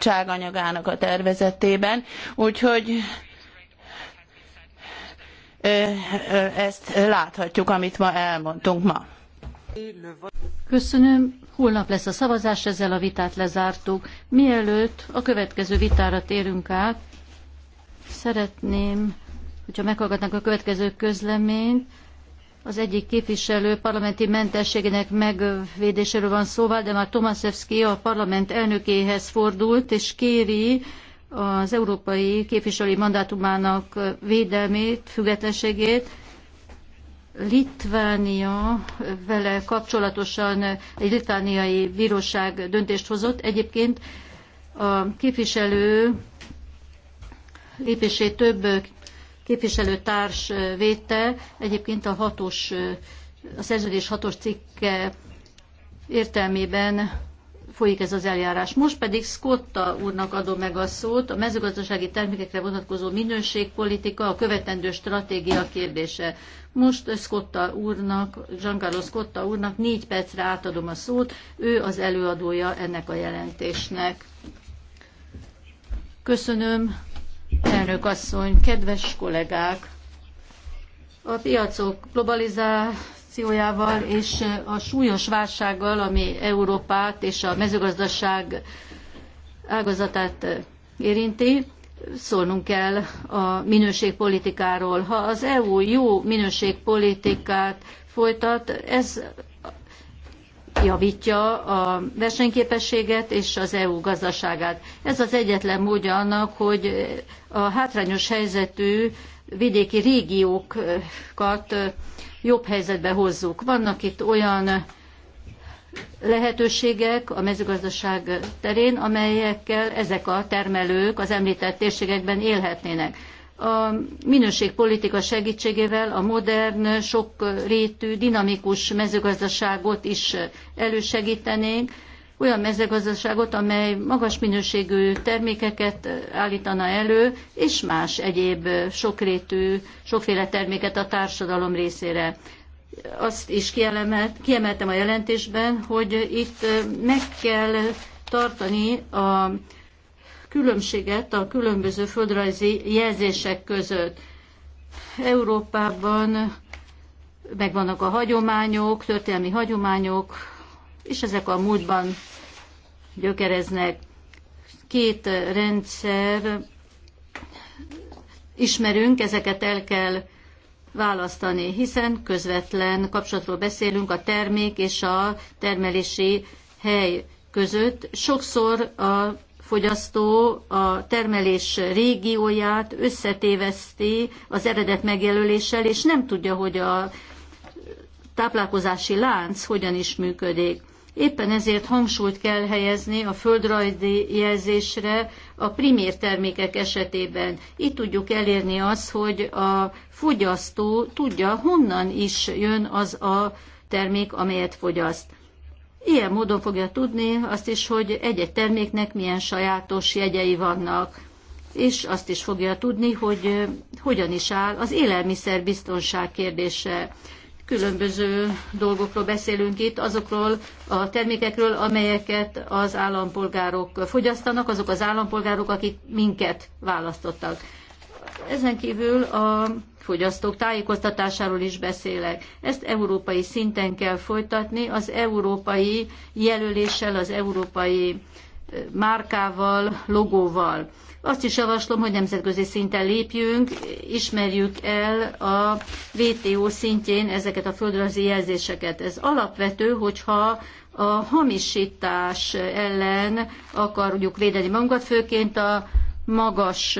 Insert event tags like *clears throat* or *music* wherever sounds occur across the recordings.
bizottságanyagának a tervezetében, úgyhogy ezt láthatjuk, amit ma elmondtunk ma. Köszönöm. Holnap lesz a szavazás, ezzel a vitát lezártuk. Mielőtt a következő vitára térünk át, szeretném, hogyha meghallgatnánk a következő közleményt, az egyik képviselő parlamenti mentességének megvédéséről van szó, de már Tomaszewski a parlament elnökéhez fordult, és kéri az európai képviselői mandátumának védelmét, függetlenségét. Litvánia vele kapcsolatosan egy litvániai bíróság döntést hozott. Egyébként a képviselő lépését több képviselőtárs védte, egyébként a hatos, a szerződés hatos cikke értelmében folyik ez az eljárás. Most pedig Scotta úrnak adom meg a szót, a mezőgazdasági termékekre vonatkozó minőségpolitika, a követendő stratégia kérdése. Most Scotta úrnak, Giancarlo Scotta úrnak négy percre átadom a szót, ő az előadója ennek a jelentésnek. Köszönöm, Elnök asszony, kedves kollégák! A piacok globalizációjával és a súlyos válsággal, ami Európát és a mezőgazdaság ágazatát érinti, szólnunk kell a minőségpolitikáról. Ha az EU jó minőségpolitikát folytat, ez javítja a versenyképességet és az EU gazdaságát. Ez az egyetlen módja annak, hogy a hátrányos helyzetű vidéki régiókat jobb helyzetbe hozzuk. Vannak itt olyan lehetőségek a mezőgazdaság terén, amelyekkel ezek a termelők az említett térségekben élhetnének a minőségpolitika segítségével a modern, rétű, dinamikus mezőgazdaságot is elősegítenénk, olyan mezőgazdaságot, amely magas minőségű termékeket állítana elő, és más egyéb sokrétű, sokféle terméket a társadalom részére. Azt is kiemelt kiemeltem a jelentésben, hogy itt meg kell tartani a különbséget a különböző földrajzi jelzések között. Európában megvannak a hagyományok, történelmi hagyományok, és ezek a múltban gyökereznek. Két rendszer ismerünk, ezeket el kell választani, hiszen közvetlen kapcsolatról beszélünk a termék és a termelési hely között. Sokszor a fogyasztó a termelés régióját összetéveszti az eredet megjelöléssel, és nem tudja, hogy a táplálkozási lánc hogyan is működik. Éppen ezért hangsúlyt kell helyezni a földrajzi jelzésre a primér termékek esetében. Itt tudjuk elérni azt, hogy a fogyasztó tudja, honnan is jön az a termék, amelyet fogyaszt. Ilyen módon fogja tudni azt is, hogy egy-egy terméknek milyen sajátos jegyei vannak, és azt is fogja tudni, hogy hogyan is áll az élelmiszerbiztonság kérdése. Különböző dolgokról beszélünk itt, azokról a termékekről, amelyeket az állampolgárok fogyasztanak, azok az állampolgárok, akik minket választottak. Ezen kívül a fogyasztók tájékoztatásáról is beszélek. Ezt európai szinten kell folytatni, az európai jelöléssel, az európai márkával, logóval. Azt is javaslom, hogy nemzetközi szinten lépjünk, ismerjük el a WTO szintjén ezeket a földrajzi jelzéseket. Ez alapvető, hogyha a hamisítás ellen akarjuk védeni magunkat, főként a magas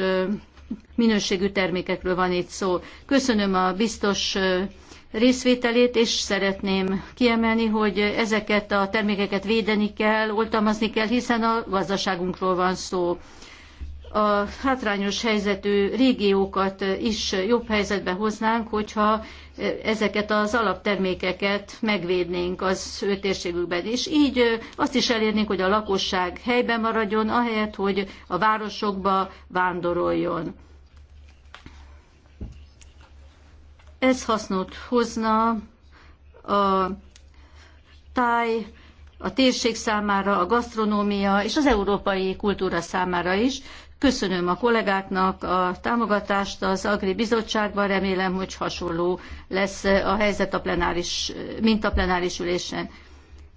minőségű termékekről van itt szó. Köszönöm a biztos részvételét, és szeretném kiemelni, hogy ezeket a termékeket védeni kell, oltalmazni kell, hiszen a gazdaságunkról van szó a hátrányos helyzetű régiókat is jobb helyzetbe hoznánk, hogyha ezeket az alaptermékeket megvédnénk az ő térségükben. És így azt is elérnénk, hogy a lakosság helyben maradjon, ahelyett, hogy a városokba vándoroljon. Ez hasznot hozna a táj, a térség számára, a gasztronómia és az európai kultúra számára is, Köszönöm a kollégáknak a támogatást az Agri Bizottságban, remélem, hogy hasonló lesz a helyzet a plenáris, mint a plenáris ülésen.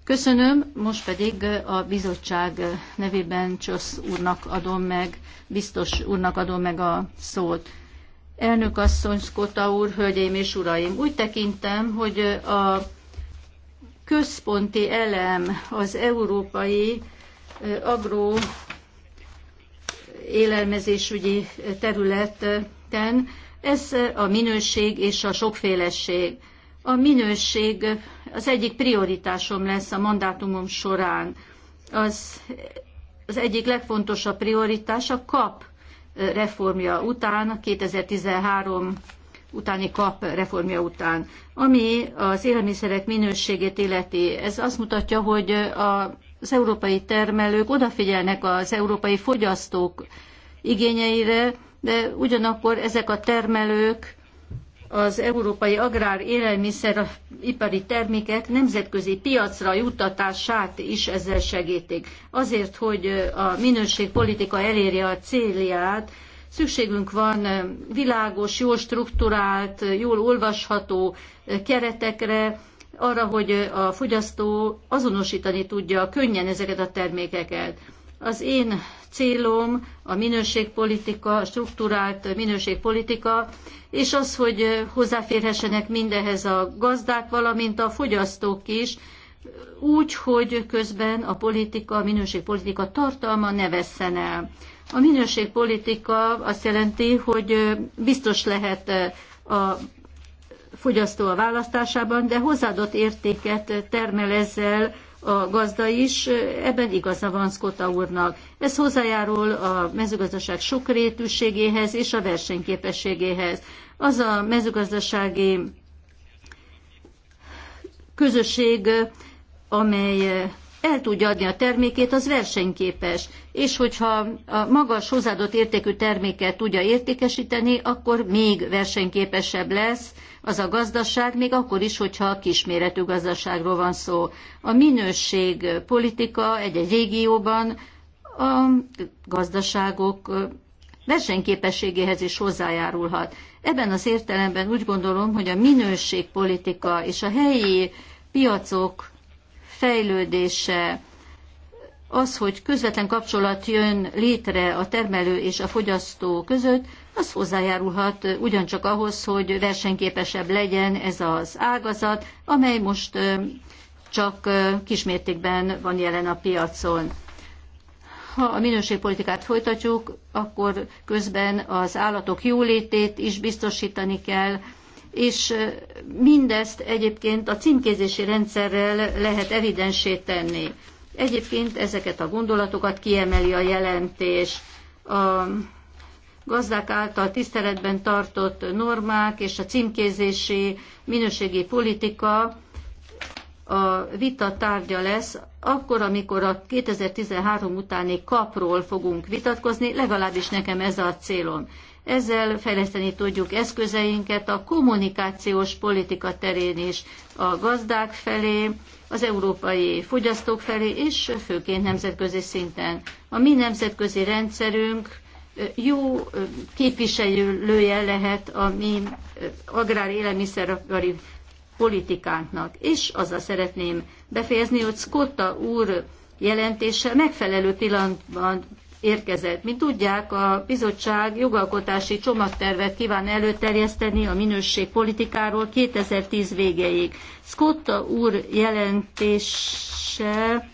Köszönöm, most pedig a bizottság nevében Csosz úrnak adom meg, biztos úrnak adom meg a szót. Elnök asszony, Szkota úr, hölgyeim és uraim, úgy tekintem, hogy a központi elem az európai agro élelmezésügyi területen, ez a minőség és a sokféleség. A minőség az egyik prioritásom lesz a mandátumom során. Az, az egyik legfontosabb prioritás a kap reformja után, 2013 utáni kap reformja után. Ami az élelmiszerek minőségét illeti, ez azt mutatja, hogy a az európai termelők odafigyelnek az európai fogyasztók igényeire, de ugyanakkor ezek a termelők az európai agrár ipari termékek nemzetközi piacra juttatását is ezzel segítik. Azért, hogy a minőségpolitika elérje a célját, szükségünk van világos, jól strukturált, jól olvasható keretekre, arra, hogy a fogyasztó azonosítani tudja könnyen ezeket a termékeket. Az én célom a minőségpolitika, a struktúrált minőségpolitika, és az, hogy hozzáférhessenek mindehez a gazdák, valamint a fogyasztók is, úgy, hogy közben a politika, a minőségpolitika tartalma ne vesszen el. A minőségpolitika azt jelenti, hogy biztos lehet a fogyasztó a választásában, de hozzáadott értéket termel ezzel a gazda is, ebben igaza van Szkota úrnak. Ez hozzájárul a mezőgazdaság sokrétűségéhez és a versenyképességéhez. Az a mezőgazdasági közösség, amely el tudja adni a termékét, az versenyképes. És hogyha a magas hozzáadott értékű terméket tudja értékesíteni, akkor még versenyképesebb lesz az a gazdaság, még akkor is, hogyha kisméretű gazdaságról van szó. A minőség politika egy-egy régióban a gazdaságok versenyképességéhez is hozzájárulhat. Ebben az értelemben úgy gondolom, hogy a minőségpolitika és a helyi piacok fejlődése, az, hogy közvetlen kapcsolat jön létre a termelő és a fogyasztó között, az hozzájárulhat ugyancsak ahhoz, hogy versenyképesebb legyen ez az ágazat, amely most csak kismértékben van jelen a piacon. Ha a minőségpolitikát folytatjuk, akkor közben az állatok jólétét is biztosítani kell, és mindezt egyébként a címkézési rendszerrel lehet evidensé tenni. Egyébként ezeket a gondolatokat kiemeli a jelentés. A gazdák által tiszteletben tartott normák és a címkézési minőségi politika a vita tárgya lesz, akkor, amikor a 2013 utáni kapról fogunk vitatkozni, legalábbis nekem ez a célom. Ezzel fejleszteni tudjuk eszközeinket a kommunikációs politika terén is a gazdák felé, az európai fogyasztók felé, és főként nemzetközi szinten. A mi nemzetközi rendszerünk jó képviselője lehet a mi agrár élelmiszeripari politikánknak. És azzal szeretném befejezni, hogy Scotta úr jelentése megfelelő pillanatban érkezett. Mint tudják, a bizottság jogalkotási csomagtervet kíván előterjeszteni a minőségpolitikáról 2010 végéig. Scotta úr jelentése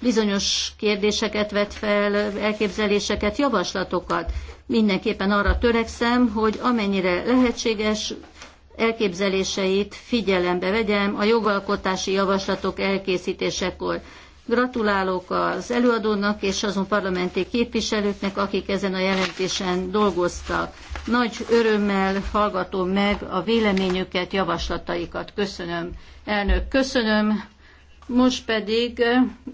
bizonyos kérdéseket vet fel, elképzeléseket, javaslatokat. Mindenképpen arra törekszem, hogy amennyire lehetséges, elképzeléseit figyelembe vegyem a jogalkotási javaslatok elkészítésekor. Gratulálok az előadónak és azon parlamenti képviselőknek, akik ezen a jelentésen dolgoztak. Nagy örömmel hallgatom meg a véleményüket, javaslataikat. Köszönöm, elnök, köszönöm. Most pedig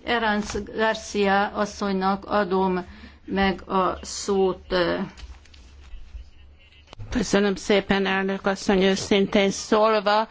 Eranz Garcia asszonynak adom meg a szót. Köszönöm szépen, elnök asszony, őszintén szólva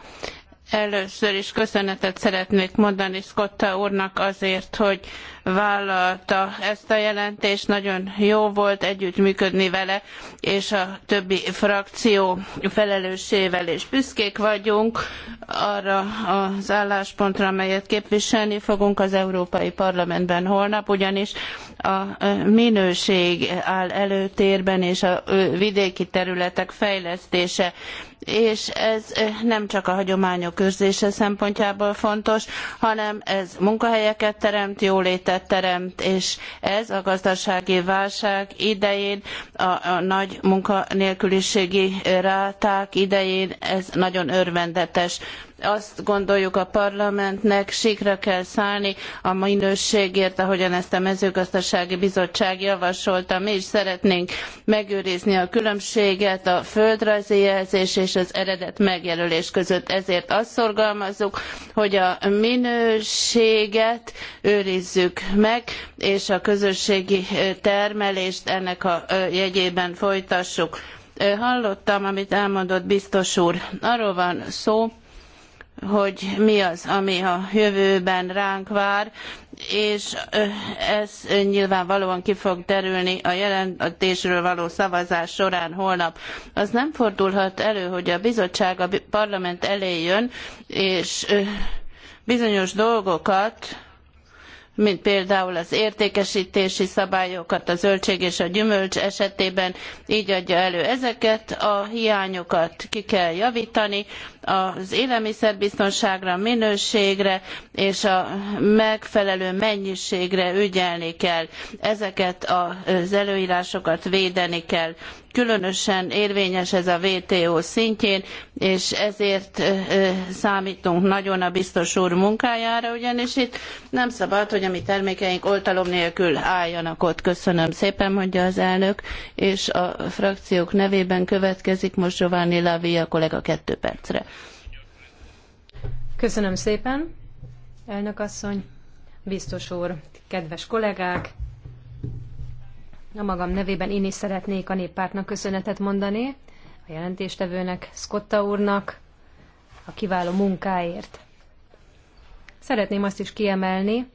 Először is köszönetet szeretnék mondani Scotta úrnak azért, hogy vállalta ezt a jelentést, nagyon jó volt együttműködni vele, és a többi frakció felelősével is büszkék vagyunk arra az álláspontra, amelyet képviselni fogunk az Európai Parlamentben holnap, ugyanis a minőség áll előtérben, és a vidéki területek fejlesztése és ez nem csak a hagyományok őrzése szempontjából fontos, hanem ez munkahelyeket teremt, jólétet teremt, és ez a gazdasági válság idején, a, a nagy munkanélküliségi ráták idején, ez nagyon örvendetes azt gondoljuk a parlamentnek sikra kell szállni a minőségért, ahogyan ezt a mezőgazdasági bizottság javasolta. Mi is szeretnénk megőrizni a különbséget a földrajzi jelzés és az eredet megjelölés között. Ezért azt szorgalmazzuk, hogy a minőséget őrizzük meg, és a közösségi termelést ennek a jegyében folytassuk. Hallottam, amit elmondott biztos úr. Arról van szó, hogy mi az, ami a jövőben ránk vár, és ez nyilvánvalóan ki fog derülni a jelentésről való szavazás során holnap. Az nem fordulhat elő, hogy a bizottság a parlament elé jön, és bizonyos dolgokat mint például az értékesítési szabályokat a zöldség és a gyümölcs esetében, így adja elő ezeket a hiányokat ki kell javítani, az élelmiszerbiztonságra, minőségre és a megfelelő mennyiségre ügyelni kell. Ezeket az előírásokat védeni kell különösen érvényes ez a WTO szintjén, és ezért számítunk nagyon a biztos úr munkájára, ugyanis itt nem szabad, hogy a mi termékeink oltalom nélkül álljanak ott. Köszönöm szépen, mondja az elnök, és a frakciók nevében következik most Giovanni Lavia kollega kettő percre. Köszönöm szépen, elnök asszony, biztos úr, kedves kollégák, a magam nevében én is szeretnék a néppártnak köszönetet mondani, a jelentéstevőnek, Scotta úrnak, a kiváló munkáért. Szeretném azt is kiemelni,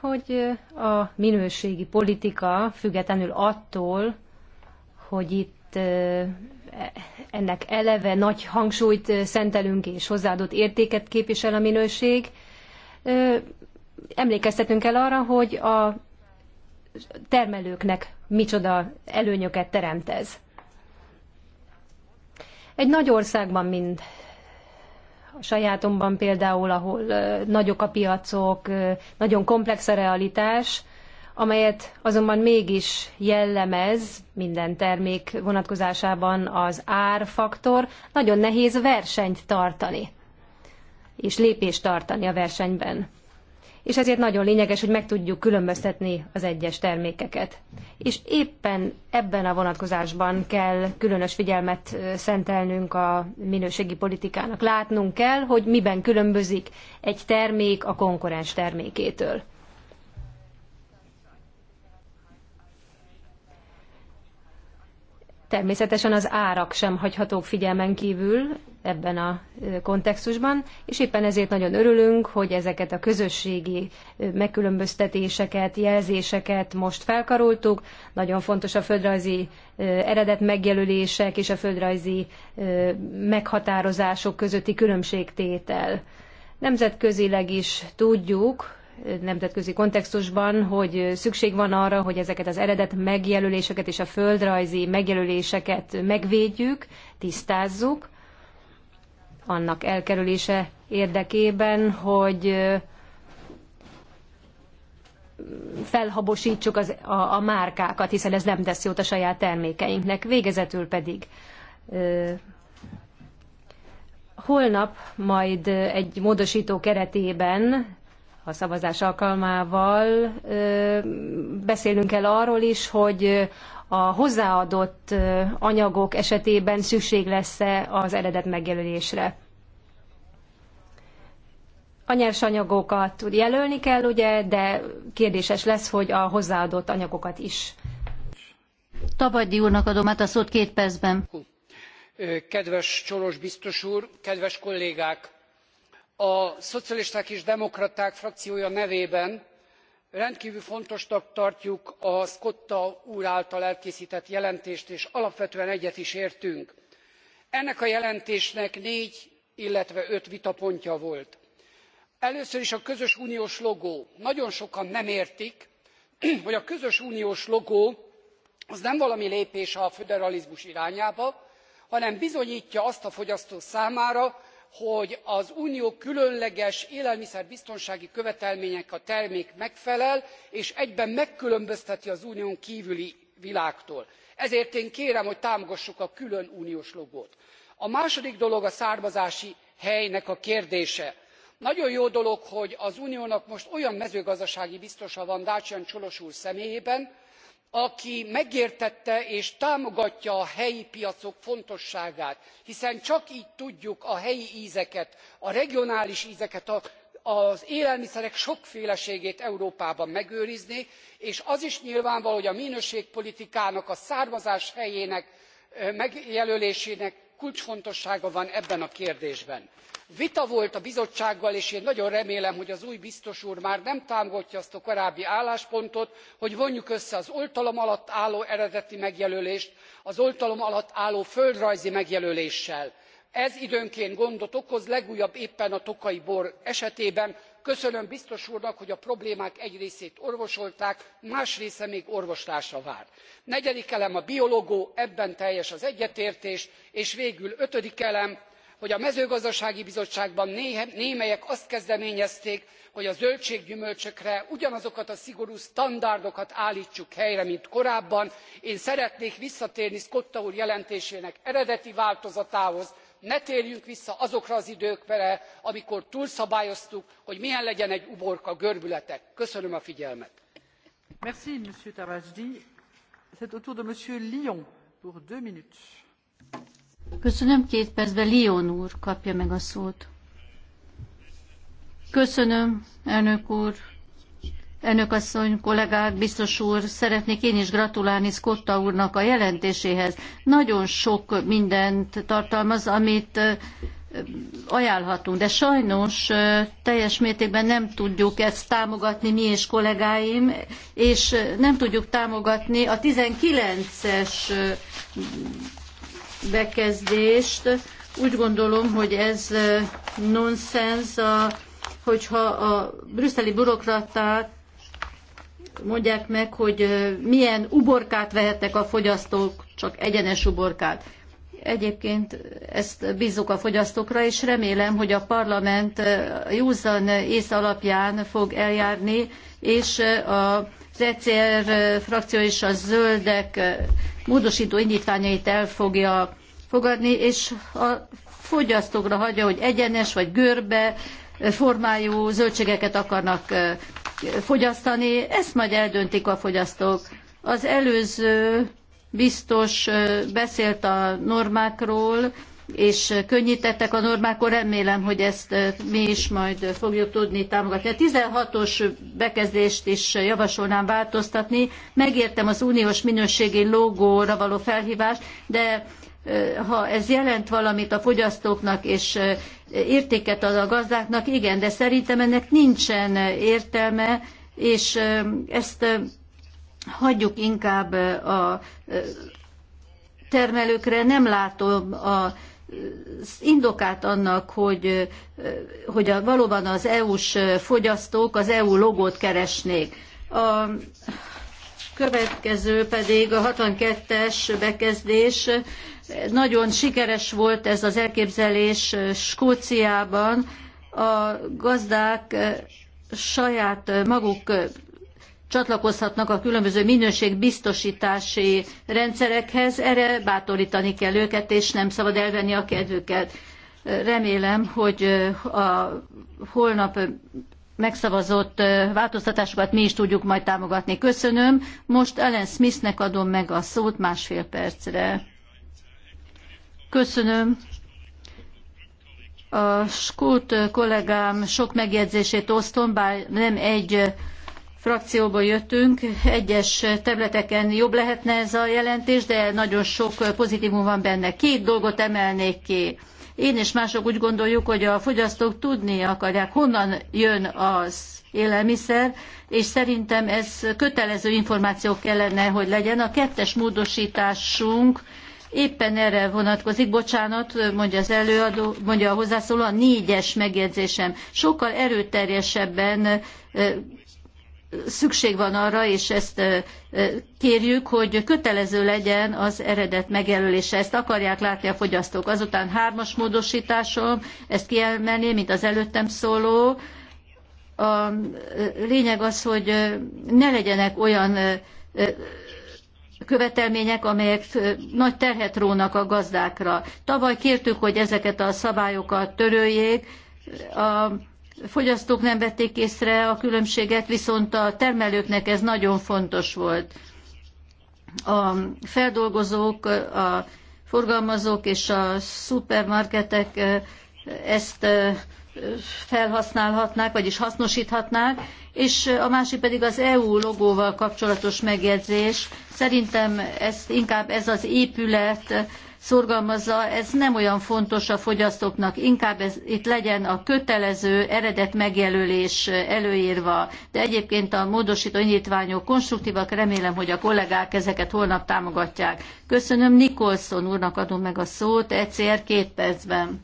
hogy a minőségi politika függetlenül attól, hogy itt ennek eleve nagy hangsúlyt szentelünk és hozzáadott értéket képvisel a minőség, emlékeztetünk el arra, hogy a termelőknek micsoda előnyöket teremt ez. Egy nagy országban, mint a sajátomban például, ahol nagyok a piacok, nagyon komplex a realitás, amelyet azonban mégis jellemez minden termék vonatkozásában az árfaktor, nagyon nehéz versenyt tartani, és lépést tartani a versenyben és ezért nagyon lényeges, hogy meg tudjuk különböztetni az egyes termékeket. És éppen ebben a vonatkozásban kell különös figyelmet szentelnünk a minőségi politikának. Látnunk kell, hogy miben különbözik egy termék a konkurens termékétől. Természetesen az árak sem hagyhatók figyelmen kívül ebben a kontextusban, és éppen ezért nagyon örülünk, hogy ezeket a közösségi megkülönböztetéseket, jelzéseket most felkaroltuk. Nagyon fontos a földrajzi eredet megjelölések és a földrajzi meghatározások közötti különbségtétel. Nemzetközileg is tudjuk, nemzetközi kontextusban, hogy szükség van arra, hogy ezeket az eredet megjelöléseket és a földrajzi megjelöléseket megvédjük, tisztázzuk, annak elkerülése érdekében, hogy felhabosítsuk az, a, a márkákat, hiszen ez nem tesz jót a saját termékeinknek. Végezetül pedig holnap majd egy módosító keretében a szavazás alkalmával beszélnünk kell arról is, hogy a hozzáadott anyagok esetében szükség lesz-e az eredet megjelölésre. A nyersanyagokat jelölni kell, ugye, de kérdéses lesz, hogy a hozzáadott anyagokat is. Tabaddi úrnak adom át a szót két percben. Kedves Csolos biztos úr, kedves kollégák! a szocialisták és demokraták frakciója nevében rendkvül fontosnak tartjuk a scotta úr által elkésztett jelentést és alapvetően egyet is értünk. ennek a jelentésnek négy illetve öt vitapontja volt. először is a közös uniós logó. nagyon sokan nem értik *clears throat* hogy a közös uniós logó az nem valami lépés a föderalizmus irányába hanem bizonytja azt a fogyasztó számára hogy az unió különleges élelmiszerbiztonsági követelményeinek a termék megfelel és egyben megkülönbözteti az unión kvüli világtól ezért én kérem hogy támogassuk a külön uniós logót. a második dolog a származási helynek a kérdése. nagyon jó dolog hogy az uniónak most olyan mezőgazdasági biztosa van dacian ciolo úr személyében aki megértette és támogatja a helyi piacok fontosságát hiszen csak gy tudjuk a helyi zeket a regionális zeket az élelmiszerek sokféleségét európában megőrizni és az is nyilvánvaló hogy a minőségpolitikának a származáshelyének megjelölésének kulcsfontossága van ebben a kérdésben. vita volt a bizottsággal és én nagyon remélem hogy az új biztos úr már nem támogatja azt a korábbi álláspontot hogy vonjuk össze az oltalom alatt álló eredeti megjelölést az oltalom alatt álló földrajzi megjelöléssel. ez időnként gondot okoz legújabb éppen a tokaji bor esetében köszönöm biztos úrnak hogy a problémák egy részét orvosolták más része még orvoslásra vár. negyedik elem a biológó ebben teljes az egyetértés és végül ötödik elem hogy a mezőgazdasági bizottságban némelyek azt kezdeményezték hogy a zöldséggyümölcsökre ugyanazokat a szigorú standardokat álltsuk helyre mint korábban. én szeretnék visszatérni scotta úr jelentésének eredeti változatához ne térjünk vissza azokra az időkre amikor túlszabályoztuk hogy milyen legyen egy uborka görbülete. köszönöm a figyelmet. Köszönöm, meg a szót. Köszönöm, elnök úr. Elnök asszony, kollégák, biztos úr, szeretnék én is gratulálni Scotta úrnak a jelentéséhez. Nagyon sok mindent tartalmaz, amit ajánlhatunk, de sajnos teljes mértékben nem tudjuk ezt támogatni mi és kollégáim, és nem tudjuk támogatni a 19-es bekezdést. Úgy gondolom, hogy ez nonsens, hogyha a brüsszeli bürokratát mondják meg, hogy milyen uborkát vehetnek a fogyasztók, csak egyenes uborkát. Egyébként ezt bízok a fogyasztókra, és remélem, hogy a parlament józan ész alapján fog eljárni, és a ECR frakció és a zöldek módosító indítványait el fogja fogadni, és a fogyasztókra hagyja, hogy egyenes vagy görbe formájú zöldségeket akarnak fogyasztani, ezt majd eldöntik a fogyasztók. Az előző biztos beszélt a normákról, és könnyítettek a normákon, remélem, hogy ezt mi is majd fogjuk tudni támogatni. A 16-os bekezdést is javasolnám változtatni. Megértem az uniós minőségi logóra való felhívást, de ha ez jelent valamit a fogyasztóknak és értéket ad a gazdáknak, igen, de szerintem ennek nincsen értelme, és ezt hagyjuk inkább a termelőkre. Nem látom a indokát annak, hogy, hogy a, valóban az EU-s fogyasztók az EU logót keresnék. A következő pedig a 62-es bekezdés. Nagyon sikeres volt ez az elképzelés Skóciában. A gazdák saját maguk csatlakozhatnak a különböző minőségbiztosítási rendszerekhez, erre bátorítani kell őket, és nem szabad elvenni a kedvüket. Remélem, hogy a holnap megszavazott változtatásokat mi is tudjuk majd támogatni. Köszönöm. Most Ellen Smithnek adom meg a szót másfél percre. Köszönöm. A skót kollégám sok megjegyzését osztom, bár nem egy frakcióból jöttünk. Egyes területeken jobb lehetne ez a jelentés, de nagyon sok pozitívum van benne. Két dolgot emelnék ki. Én és mások úgy gondoljuk, hogy a fogyasztók tudni akarják, honnan jön az élelmiszer, és szerintem ez kötelező információ kellene, hogy legyen. A kettes módosításunk éppen erre vonatkozik, bocsánat, mondja az előadó, mondja a hozzászóló, a négyes megjegyzésem. Sokkal erőteljesebben szükség van arra, és ezt kérjük, hogy kötelező legyen az eredet megjelölése. Ezt akarják látni a fogyasztók. Azután hármas módosításom, ezt kiemelném, mint az előttem szóló. A lényeg az, hogy ne legyenek olyan követelmények, amelyek nagy terhet rónak a gazdákra. Tavaly kértük, hogy ezeket a szabályokat töröljék. A fogyasztók nem vették észre a különbséget, viszont a termelőknek ez nagyon fontos volt. A feldolgozók, a forgalmazók és a szupermarketek ezt felhasználhatnák, vagyis hasznosíthatnák, és a másik pedig az EU logóval kapcsolatos megjegyzés. Szerintem ezt inkább ez az épület szorgalmazza, ez nem olyan fontos a fogyasztóknak, inkább ez, itt legyen a kötelező eredet megjelölés előírva, de egyébként a módosító indítványok konstruktívak, remélem, hogy a kollégák ezeket holnap támogatják. Köszönöm, Nikolson úrnak adom meg a szót, ECR két percben.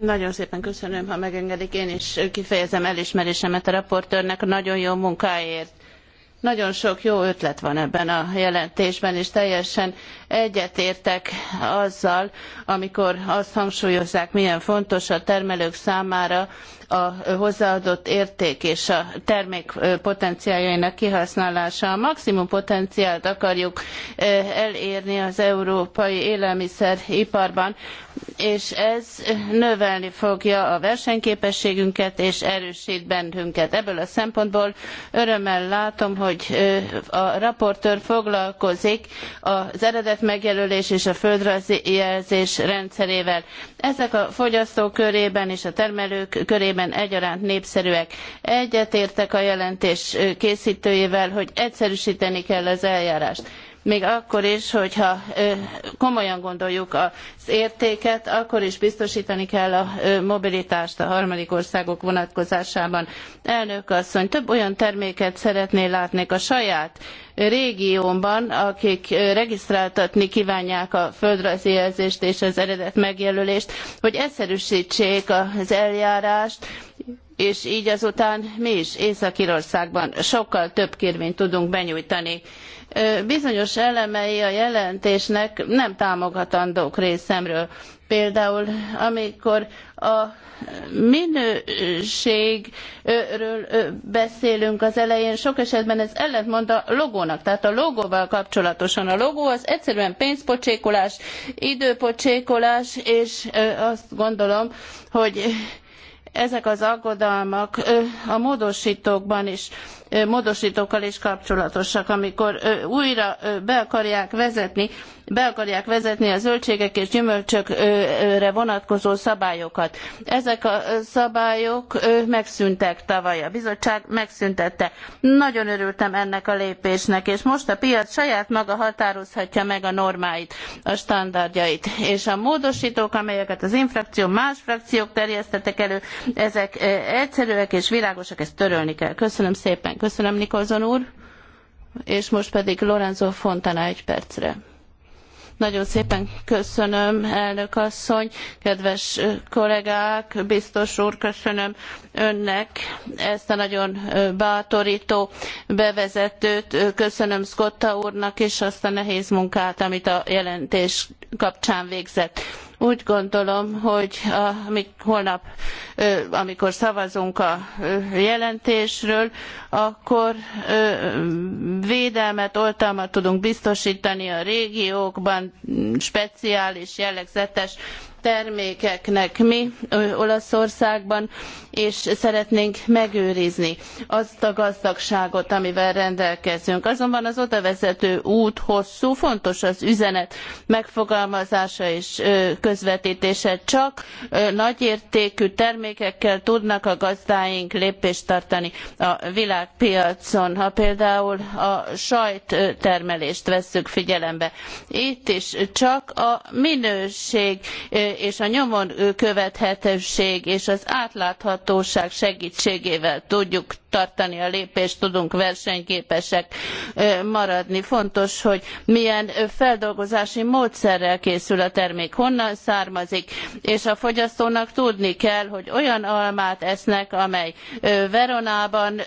Nagyon szépen köszönöm, ha megengedik, én is kifejezem elismerésemet a raportőrnek a nagyon jó munkáért nagyon sok jó ötlet van ebben a jelentésben, és teljesen egyetértek azzal, amikor azt hangsúlyozzák, milyen fontos a termelők számára a hozzáadott érték és a termék potenciáljainak kihasználása. A maximum potenciált akarjuk elérni az európai élelmiszeriparban, és ez növelni fogja a versenyképességünket és erősít bennünket. Ebből a szempontból örömmel látom, hogy hogy a raportőr foglalkozik az eredet megjelölés és a földrajzi jelzés rendszerével. Ezek a fogyasztók körében és a termelők körében egyaránt népszerűek. Egyetértek a jelentés készítőjével, hogy egyszerűsíteni kell az eljárást még akkor is, hogyha komolyan gondoljuk az értéket, akkor is biztosítani kell a mobilitást a harmadik országok vonatkozásában. Elnök asszony, több olyan terméket szeretné látni a saját régiómban, akik regisztráltatni kívánják a földrajzi jelzést és az eredet megjelölést, hogy egyszerűsítsék az eljárást, és így azután mi is Észak-Irországban sokkal több kérvényt tudunk benyújtani bizonyos elemei a jelentésnek nem támogatandók részemről. Például, amikor a minőségről beszélünk az elején, sok esetben ez ellentmond a logónak, tehát a logóval kapcsolatosan. A logó az egyszerűen pénzpocsékolás, időpocsékolás, és azt gondolom, hogy ezek az aggodalmak a módosítókban is, módosítókkal is kapcsolatosak, amikor újra be akarják vezetni be akarják vezetni a zöldségek és gyümölcsökre vonatkozó szabályokat. Ezek a szabályok megszűntek tavaly, a bizottság megszüntette. Nagyon örültem ennek a lépésnek, és most a piac saját maga határozhatja meg a normáit, a standardjait. És a módosítók, amelyeket az infrakció más frakciók terjesztettek elő, ezek egyszerűek és világosak, ezt törölni kell. Köszönöm szépen, köszönöm Nikolzon úr. És most pedig Lorenzo Fontana egy percre. Nagyon szépen köszönöm, elnök asszony, kedves kollégák, biztos úr, köszönöm önnek ezt a nagyon bátorító bevezetőt. Köszönöm Scotta úrnak is azt a nehéz munkát, amit a jelentés kapcsán végzett úgy gondolom, hogy amik, holnap, amikor szavazunk a jelentésről, akkor védelmet, oltalmat tudunk biztosítani a régiókban, speciális, jellegzetes termékeknek mi Olaszországban, és szeretnénk megőrizni azt a gazdagságot, amivel rendelkezünk. Azonban az oda vezető út hosszú, fontos az üzenet megfogalmazása és közvetítése. Csak nagyértékű termékekkel tudnak a gazdáink lépést tartani a világpiacon. Ha például a sajttermelést vesszük figyelembe, itt is csak a minőség és a nyomon követhetőség és az átláthatóság segítségével tudjuk tartani a lépést, tudunk versenyképesek maradni. Fontos, hogy milyen feldolgozási módszerrel készül a termék, honnan származik, és a fogyasztónak tudni kell, hogy olyan almát esznek, amely Veronában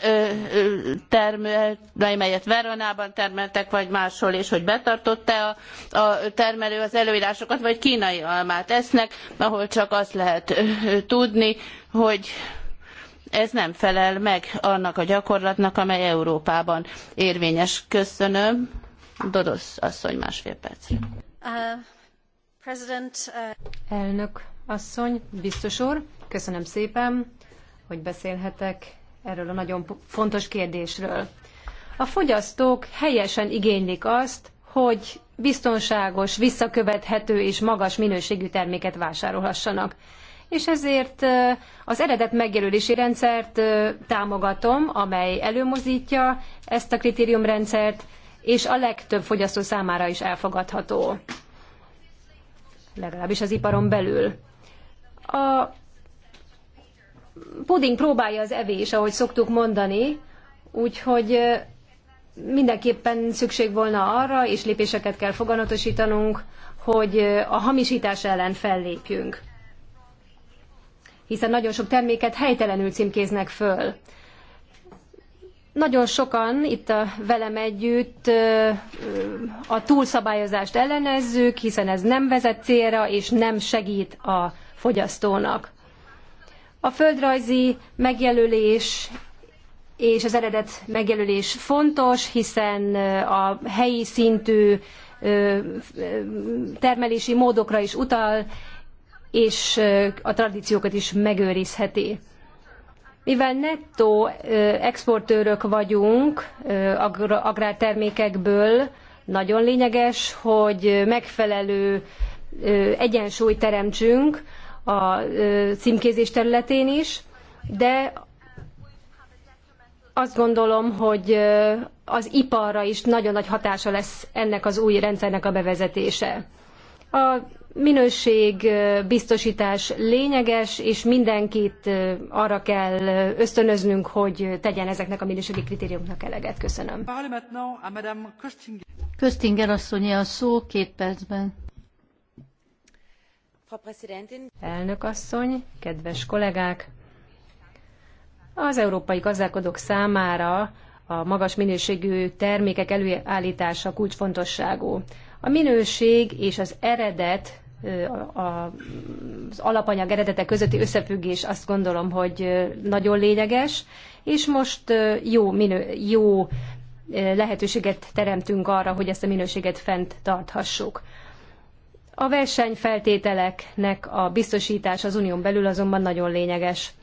termelt, amelyet Veronában termeltek, vagy máshol, és hogy betartotta a, a termelő az előírásokat, vagy kínai almát esznek, ahol csak azt lehet tudni, hogy ez nem felel meg annak a gyakorlatnak, amely Európában érvényes. Köszönöm. Dodosz asszony másfél percre. Uh, uh, Elnök asszony, biztos úr, köszönöm szépen, hogy beszélhetek erről a nagyon fontos kérdésről. A fogyasztók helyesen igénylik azt, hogy biztonságos, visszakövethető és magas minőségű terméket vásárolhassanak és ezért az eredet megjelölési rendszert támogatom, amely előmozdítja ezt a kritériumrendszert, és a legtöbb fogyasztó számára is elfogadható, legalábbis az iparon belül. A puding próbálja az evés, ahogy szoktuk mondani, úgyhogy mindenképpen szükség volna arra, és lépéseket kell foganatosítanunk, hogy a hamisítás ellen fellépjünk hiszen nagyon sok terméket helytelenül címkéznek föl. Nagyon sokan itt a, velem együtt a túlszabályozást ellenezzük, hiszen ez nem vezet célra és nem segít a fogyasztónak. A földrajzi megjelölés és az eredet megjelölés fontos, hiszen a helyi szintű termelési módokra is utal, és a tradíciókat is megőrizheti. Mivel nettó exportőrök vagyunk agrártermékekből, nagyon lényeges, hogy megfelelő egyensúlyt teremtsünk a címkézés területén is, de azt gondolom, hogy az iparra is nagyon nagy hatása lesz ennek az új rendszernek a bevezetése. A minőség biztosítás lényeges, és mindenkit arra kell ösztönöznünk, hogy tegyen ezeknek a minőségi kritériumoknak eleget. Köszönöm. Köstinger asszonyi a szó két percben. Elnök asszony, kedves kollégák! Az európai gazdálkodók számára a magas minőségű termékek előállítása kulcsfontosságú. A minőség és az eredet, az alapanyag eredete közötti összefüggés azt gondolom, hogy nagyon lényeges, és most jó, minő, jó lehetőséget teremtünk arra, hogy ezt a minőséget fent tarthassuk. A versenyfeltételeknek a biztosítás az unión belül azonban nagyon lényeges.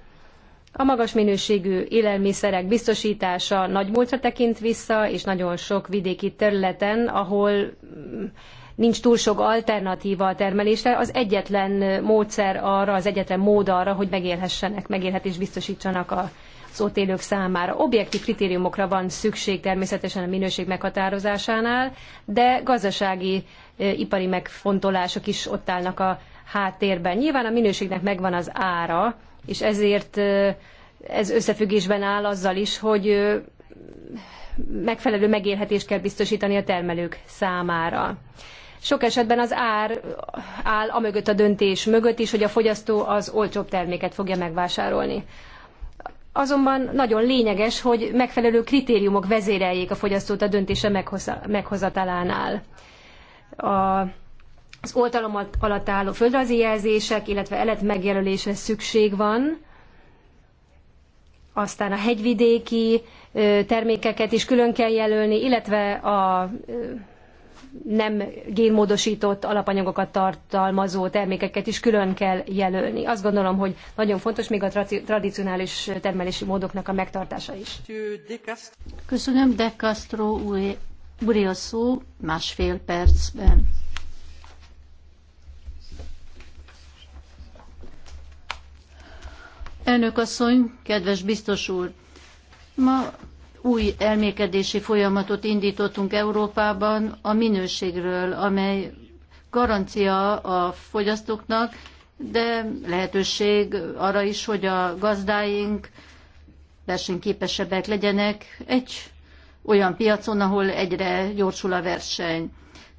A magas minőségű élelmiszerek biztosítása nagy múltra tekint vissza, és nagyon sok vidéki területen, ahol mm, nincs túl sok alternatíva a termelésre, az egyetlen módszer arra, az egyetlen mód arra, hogy megélhessenek, megélhetést biztosítsanak a az ott élők számára. Objektív kritériumokra van szükség természetesen a minőség meghatározásánál, de gazdasági, ipari megfontolások is ott állnak a háttérben. Nyilván a minőségnek megvan az ára, és ezért ez összefüggésben áll azzal is, hogy megfelelő megélhetést kell biztosítani a termelők számára. Sok esetben az ár áll a mögött a döntés mögött is, hogy a fogyasztó az olcsóbb terméket fogja megvásárolni. Azonban nagyon lényeges, hogy megfelelő kritériumok vezéreljék a fogyasztót a döntése meghozatalánál. A az oltalom alatt álló földrajzi jelzések, illetve elet megjelölésre szükség van, aztán a hegyvidéki termékeket is külön kell jelölni, illetve a nem génmódosított alapanyagokat tartalmazó termékeket is külön kell jelölni. Azt gondolom, hogy nagyon fontos még a tra- tradicionális termelési módoknak a megtartása is. Köszönöm, De Castro úr, úr a szó másfél percben. Elnök asszony, kedves biztos úr! Ma új elmékedési folyamatot indítottunk Európában a minőségről, amely garancia a fogyasztóknak, de lehetőség arra is, hogy a gazdáink versenyképesebbek legyenek egy olyan piacon, ahol egyre gyorsul a verseny.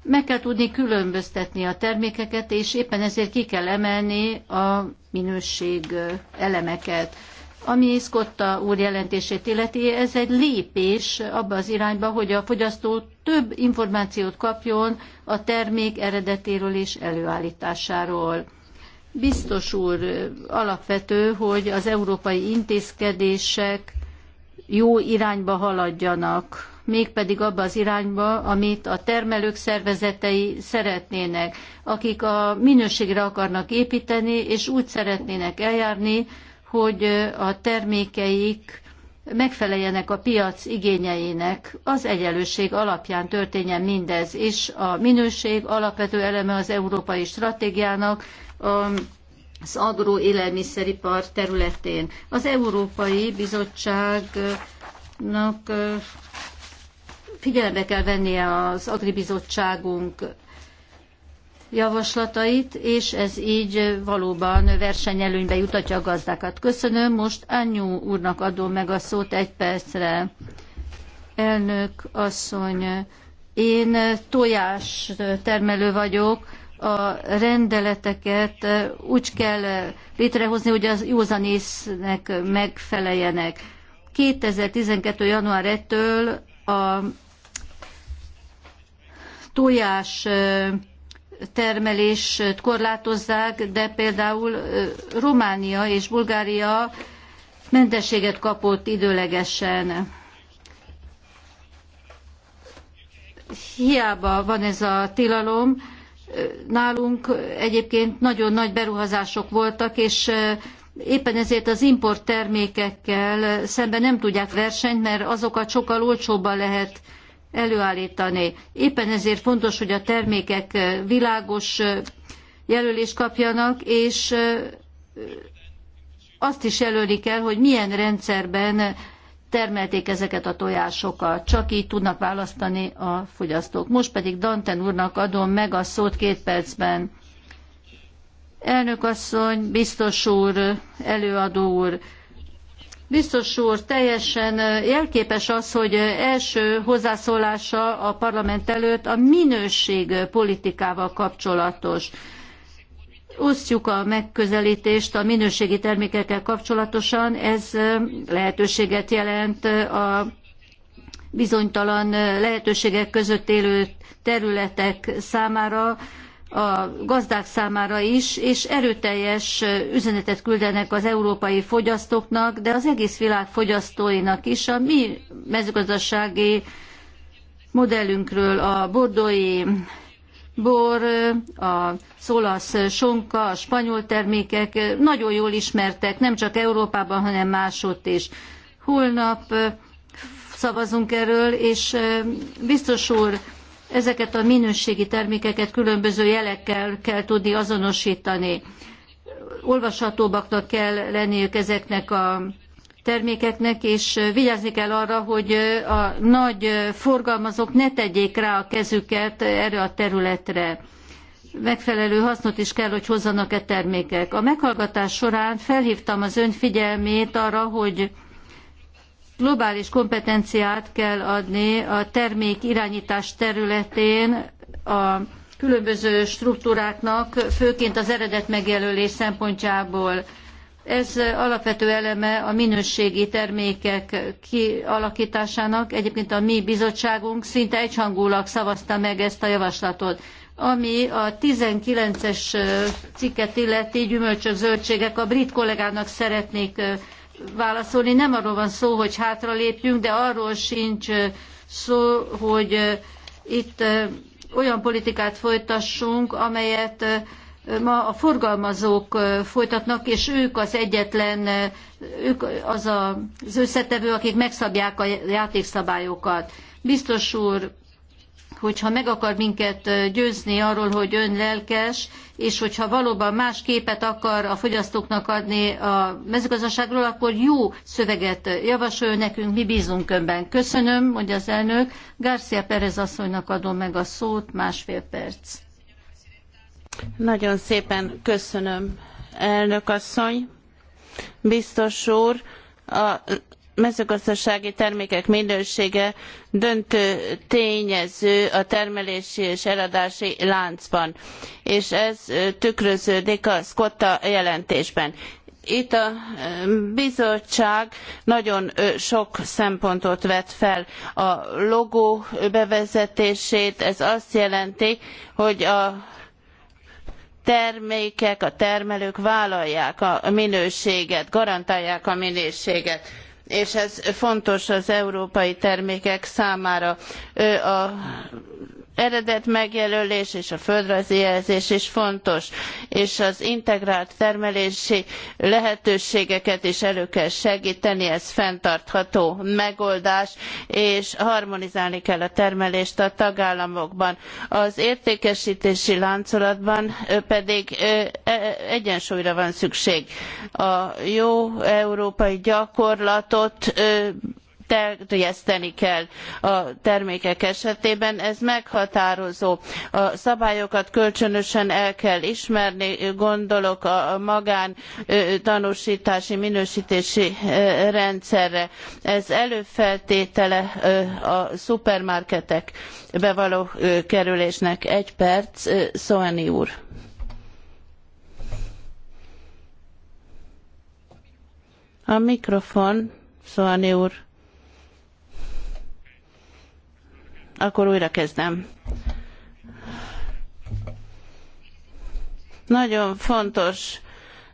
Meg kell tudni különböztetni a termékeket, és éppen ezért ki kell emelni a minőség elemeket. Ami Szkotta úr jelentését illeti, ez egy lépés abba az irányba, hogy a fogyasztó több információt kapjon a termék eredetéről és előállításáról. Biztos úr, alapvető, hogy az európai intézkedések jó irányba haladjanak mégpedig abba az irányba, amit a termelők szervezetei szeretnének, akik a minőségre akarnak építeni, és úgy szeretnének eljárni, hogy a termékeik megfeleljenek a piac igényeinek, az egyenlőség alapján történjen mindez, és a minőség alapvető eleme az európai stratégiának, az agroélelmiszeripar területén. Az Európai Bizottságnak figyelembe kell vennie az Agribizottságunk javaslatait, és ez így valóban versenyelőnybe jutatja a gazdákat. Köszönöm, most Anyu úrnak adom meg a szót egy percre. Elnök asszony, én tojás termelő vagyok, a rendeleteket úgy kell létrehozni, hogy az józanésznek megfeleljenek. 2012. január 1-től a tojás termelést korlátozzák, de például Románia és Bulgária mentességet kapott időlegesen. Hiába van ez a tilalom, nálunk egyébként nagyon nagy beruházások voltak, és éppen ezért az import termékekkel szemben nem tudják versenyt, mert azokat sokkal olcsóbban lehet előállítani. Éppen ezért fontos, hogy a termékek világos jelölést kapjanak, és azt is jelölik el, hogy milyen rendszerben termelték ezeket a tojásokat. Csak így tudnak választani a fogyasztók. Most pedig Danten úrnak adom meg a szót két percben. Elnök asszony, biztos úr, előadó úr, Biztos úr, teljesen jelképes az, hogy első hozzászólása a parlament előtt a minőség politikával kapcsolatos. Osztjuk a megközelítést a minőségi termékekkel kapcsolatosan, ez lehetőséget jelent a bizonytalan lehetőségek között élő területek számára, a gazdák számára is, és erőteljes üzenetet küldenek az európai fogyasztóknak, de az egész világ fogyasztóinak is a mi mezőgazdasági modellünkről, a bordói bor, a szolasz sonka, a spanyol termékek nagyon jól ismertek, nem csak Európában, hanem másutt is. Holnap szavazunk erről, és biztos úr, ezeket a minőségi termékeket különböző jelekkel kell tudni azonosítani. Olvashatóbbaknak kell lenniük ezeknek a termékeknek, és vigyázni kell arra, hogy a nagy forgalmazók ne tegyék rá a kezüket erre a területre. Megfelelő hasznot is kell, hogy hozzanak e termékek. A meghallgatás során felhívtam az ön figyelmét arra, hogy globális kompetenciát kell adni a termék irányítás területén a különböző struktúráknak, főként az eredet megjelölés szempontjából. Ez alapvető eleme a minőségi termékek kialakításának. Egyébként a mi bizottságunk szinte egyhangulag szavazta meg ezt a javaslatot. Ami a 19-es cikket illeti gyümölcsök, zöldségek, a brit kollégának szeretnék válaszolni. Nem arról van szó, hogy hátralépjünk, de arról sincs szó, hogy itt olyan politikát folytassunk, amelyet ma a forgalmazók folytatnak, és ők az egyetlen, ők az az összetevő, akik megszabják a játékszabályokat. Biztos úr, hogyha meg akar minket győzni arról, hogy ön lelkes, és hogyha valóban más képet akar a fogyasztóknak adni a mezőgazdaságról, akkor jó szöveget javasol nekünk, mi bízunk önben. Köszönöm, mondja az elnök. Garcia Perez asszonynak adom meg a szót, másfél perc. Nagyon szépen köszönöm, elnök asszony, biztos úr. A mezőgazdasági termékek minősége döntő tényező a termelési és eladási láncban, és ez tükröződik a Scotta jelentésben. Itt a bizottság nagyon sok szempontot vet fel. A logó bevezetését, ez azt jelenti, hogy a termékek, a termelők vállalják a minőséget, garantálják a minőséget és ez fontos az európai termékek számára. A eredet megjelölés és a földrajzi jelzés is fontos, és az integrált termelési lehetőségeket is elő kell segíteni, ez fenntartható megoldás, és harmonizálni kell a termelést a tagállamokban. Az értékesítési láncolatban pedig e, egyensúlyra van szükség. A jó európai gyakorlatot terjeszteni kell a termékek esetében. Ez meghatározó. A szabályokat kölcsönösen el kell ismerni, gondolok a magán tanúsítási, minősítési rendszerre. Ez előfeltétele a szupermarketek bevaló kerülésnek. Egy perc, Szoani úr. A mikrofon, Szoani úr. Akkor újra kezdem. Nagyon fontos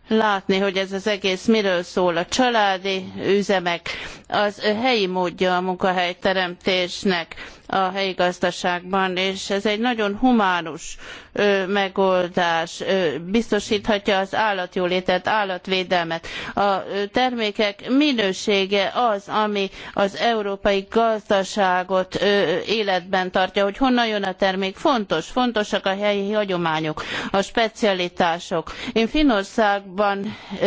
látni, hogy ez az egész miről szól. A családi üzemek az helyi módja a munkahelyteremtésnek a helyi gazdaságban, és ez egy nagyon humánus ö, megoldás, ö, biztosíthatja az állatjólétet, állatvédelmet. A ö, termékek minősége az, ami az európai gazdaságot ö, életben tartja, hogy honnan jön a termék. Fontos, fontosak a helyi hagyományok, a specialitások. Én Finországban ö,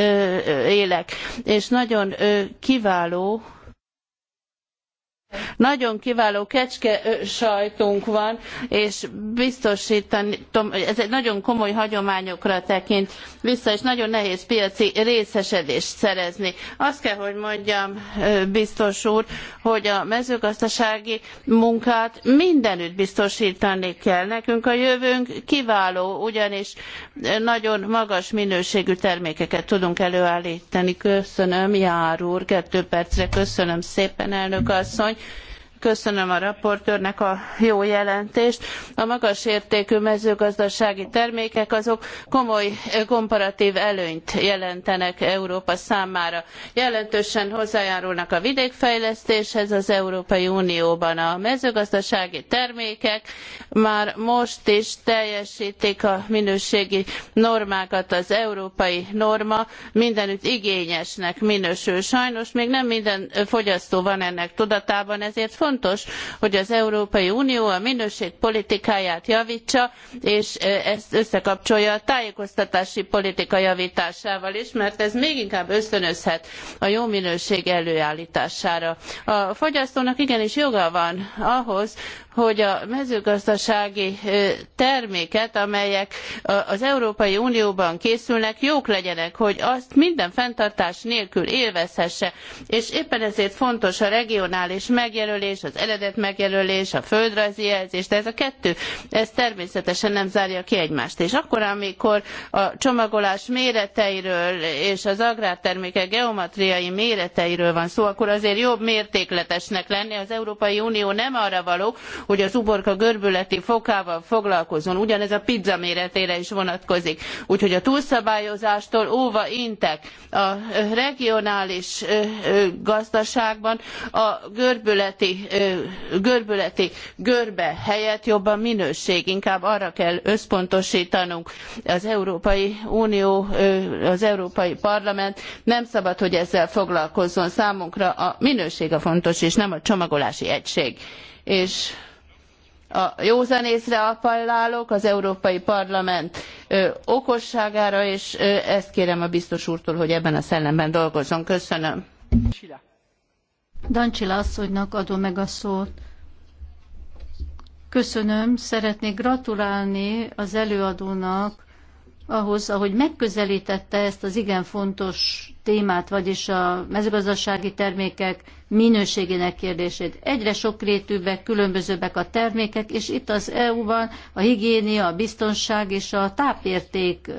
élek, és nagyon kiváló nagyon kiváló kecske sajtunk van, és biztosítom, ez egy nagyon komoly hagyományokra tekint vissza, és nagyon nehéz piaci részesedést szerezni. Azt kell, hogy mondjam, biztos úr, hogy a mezőgazdasági munkát mindenütt biztosítani kell. Nekünk a jövőnk kiváló, ugyanis nagyon magas minőségű termékeket tudunk előállítani. Köszönöm, Jár úr, kettő percre köszönöm szépen, elnök asszony Köszönöm a raportőrnek a jó jelentést. A magas értékű mezőgazdasági termékek azok komoly eh, komparatív előnyt jelentenek Európa számára. Jelentősen hozzájárulnak a vidékfejlesztéshez az Európai Unióban. A mezőgazdasági termékek már most is teljesítik a minőségi normákat. Az európai norma mindenütt igényesnek minősül. Sajnos még nem minden fogyasztó van ennek tudatában, ezért fontos, hogy az Európai Unió a minőségpolitikáját javítsa, és ezt összekapcsolja a tájékoztatási politika javításával is, mert ez még inkább ösztönözhet a jó minőség előállítására. A fogyasztónak igenis joga van ahhoz, hogy a mezőgazdasági terméket, amelyek az Európai Unióban készülnek, jók legyenek, hogy azt minden fenntartás nélkül élvezhesse, és éppen ezért fontos a regionális megjelölés, az eredet megjelölés, a földrajzi jelzés, de ez a kettő, ez természetesen nem zárja ki egymást. És akkor, amikor a csomagolás méreteiről és az agrártermékek geometriai méreteiről van szó, akkor azért jobb mértékletesnek lenni. Az Európai Unió nem arra való, hogy az uborka görbületi fokával foglalkozzon. Ugyanez a pizza méretére is vonatkozik. Úgyhogy a túlszabályozástól óva intek. A regionális gazdaságban a görbületi, görbületi görbe helyett jobban minőség, inkább arra kell összpontosítanunk. Az Európai Unió, az Európai Parlament nem szabad, hogy ezzel foglalkozzon. Számunkra a minőség a fontos, és nem a csomagolási egység. És a józanészre appellálok, az Európai Parlament ö, okosságára, és ö, ezt kérem a biztos úrtól, hogy ebben a szellemben dolgozzon. Köszönöm. Dancsila asszonynak adom meg a szót. Köszönöm, szeretnék gratulálni az előadónak ahhoz, ahogy megközelítette ezt az igen fontos témát, vagyis a mezőgazdasági termékek minőségének kérdését. Egyre sokrétűbbek, különbözőbbek a termékek, és itt az EU-ban a higiénia, a biztonság és a tápérték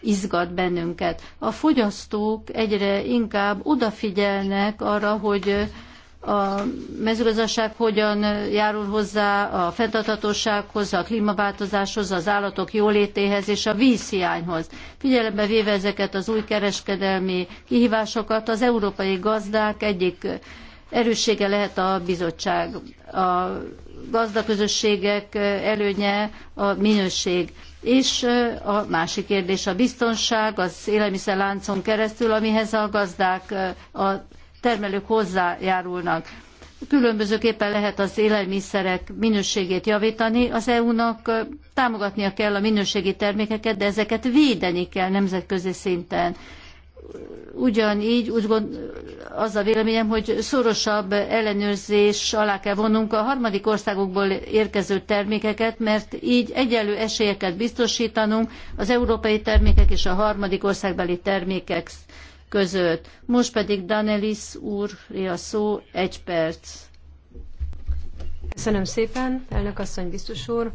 izgat bennünket. A fogyasztók egyre inkább odafigyelnek arra, hogy a mezőgazdaság hogyan járul hozzá a fenntarthatósághoz, a klímaváltozáshoz, az állatok jólétéhez és a vízhiányhoz. Figyelembe véve ezeket az új kereskedelmi kihívásokat, az európai gazdák egyik erőssége lehet a bizottság. A gazdaközösségek előnye a minőség. És a másik kérdés a biztonság, az élelmiszerláncon keresztül, amihez a gazdák a termelők hozzájárulnak. Különbözőképpen lehet az élelmiszerek minőségét javítani. Az EU-nak támogatnia kell a minőségi termékeket, de ezeket védeni kell nemzetközi szinten ugyanígy úgy gond, az a véleményem, hogy szorosabb ellenőrzés alá kell vonnunk a harmadik országokból érkező termékeket, mert így egyenlő esélyeket biztosítanunk az európai termékek és a harmadik országbeli termékek között. Most pedig Danelis úr, a szó, egy perc. Köszönöm szépen, elnök asszony, biztos úr.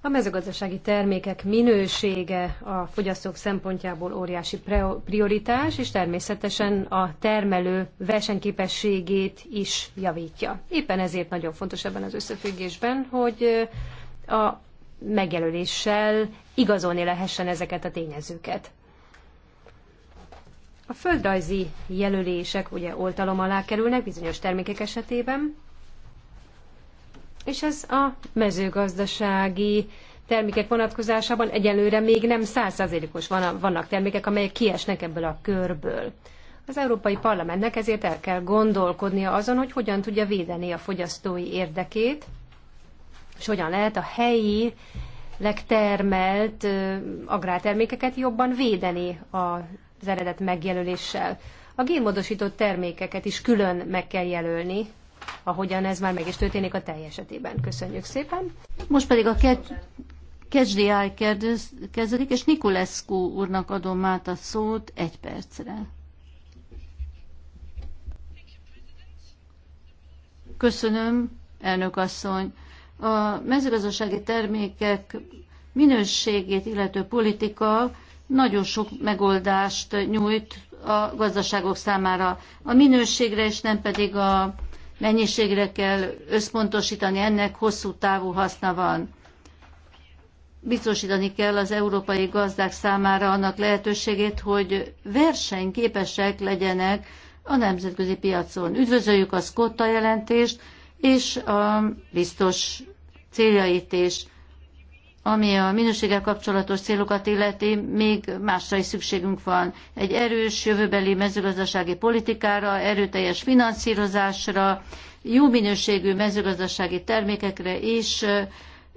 A mezőgazdasági termékek minősége a fogyasztók szempontjából óriási prioritás, és természetesen a termelő versenyképességét is javítja. Éppen ezért nagyon fontos ebben az összefüggésben, hogy a megjelöléssel igazolni lehessen ezeket a tényezőket. A földrajzi jelölések ugye oltalom alá kerülnek bizonyos termékek esetében, és ez a mezőgazdasági termékek vonatkozásában egyelőre még nem százszázalékos van, vannak termékek, amelyek kiesnek ebből a körből. Az Európai Parlamentnek ezért el kell gondolkodnia azon, hogy hogyan tudja védeni a fogyasztói érdekét, és hogyan lehet a helyi legtermelt agrártermékeket jobban védeni a az eredet megjelöléssel. A génmódosított termékeket is külön meg kell jelölni, ahogyan ez már meg is történik a teljesetében esetében. Köszönjük szépen. Most pedig a Áj kezdődik, és Nikulescu úrnak adom át a szót egy percre. Köszönöm, elnök asszony. A mezőgazdasági termékek minőségét illető politika nagyon sok megoldást nyújt a gazdaságok számára. A minőségre és nem pedig a mennyiségre kell összpontosítani, ennek hosszú távú haszna van. Biztosítani kell az európai gazdák számára annak lehetőségét, hogy versenyképesek legyenek a nemzetközi piacon. Üdvözöljük a Scotta jelentést és a biztos céljait is. Ami a minőséggel kapcsolatos célokat illeti, még másra is szükségünk van. Egy erős jövőbeli mezőgazdasági politikára, erőteljes finanszírozásra, jó minőségű mezőgazdasági termékekre és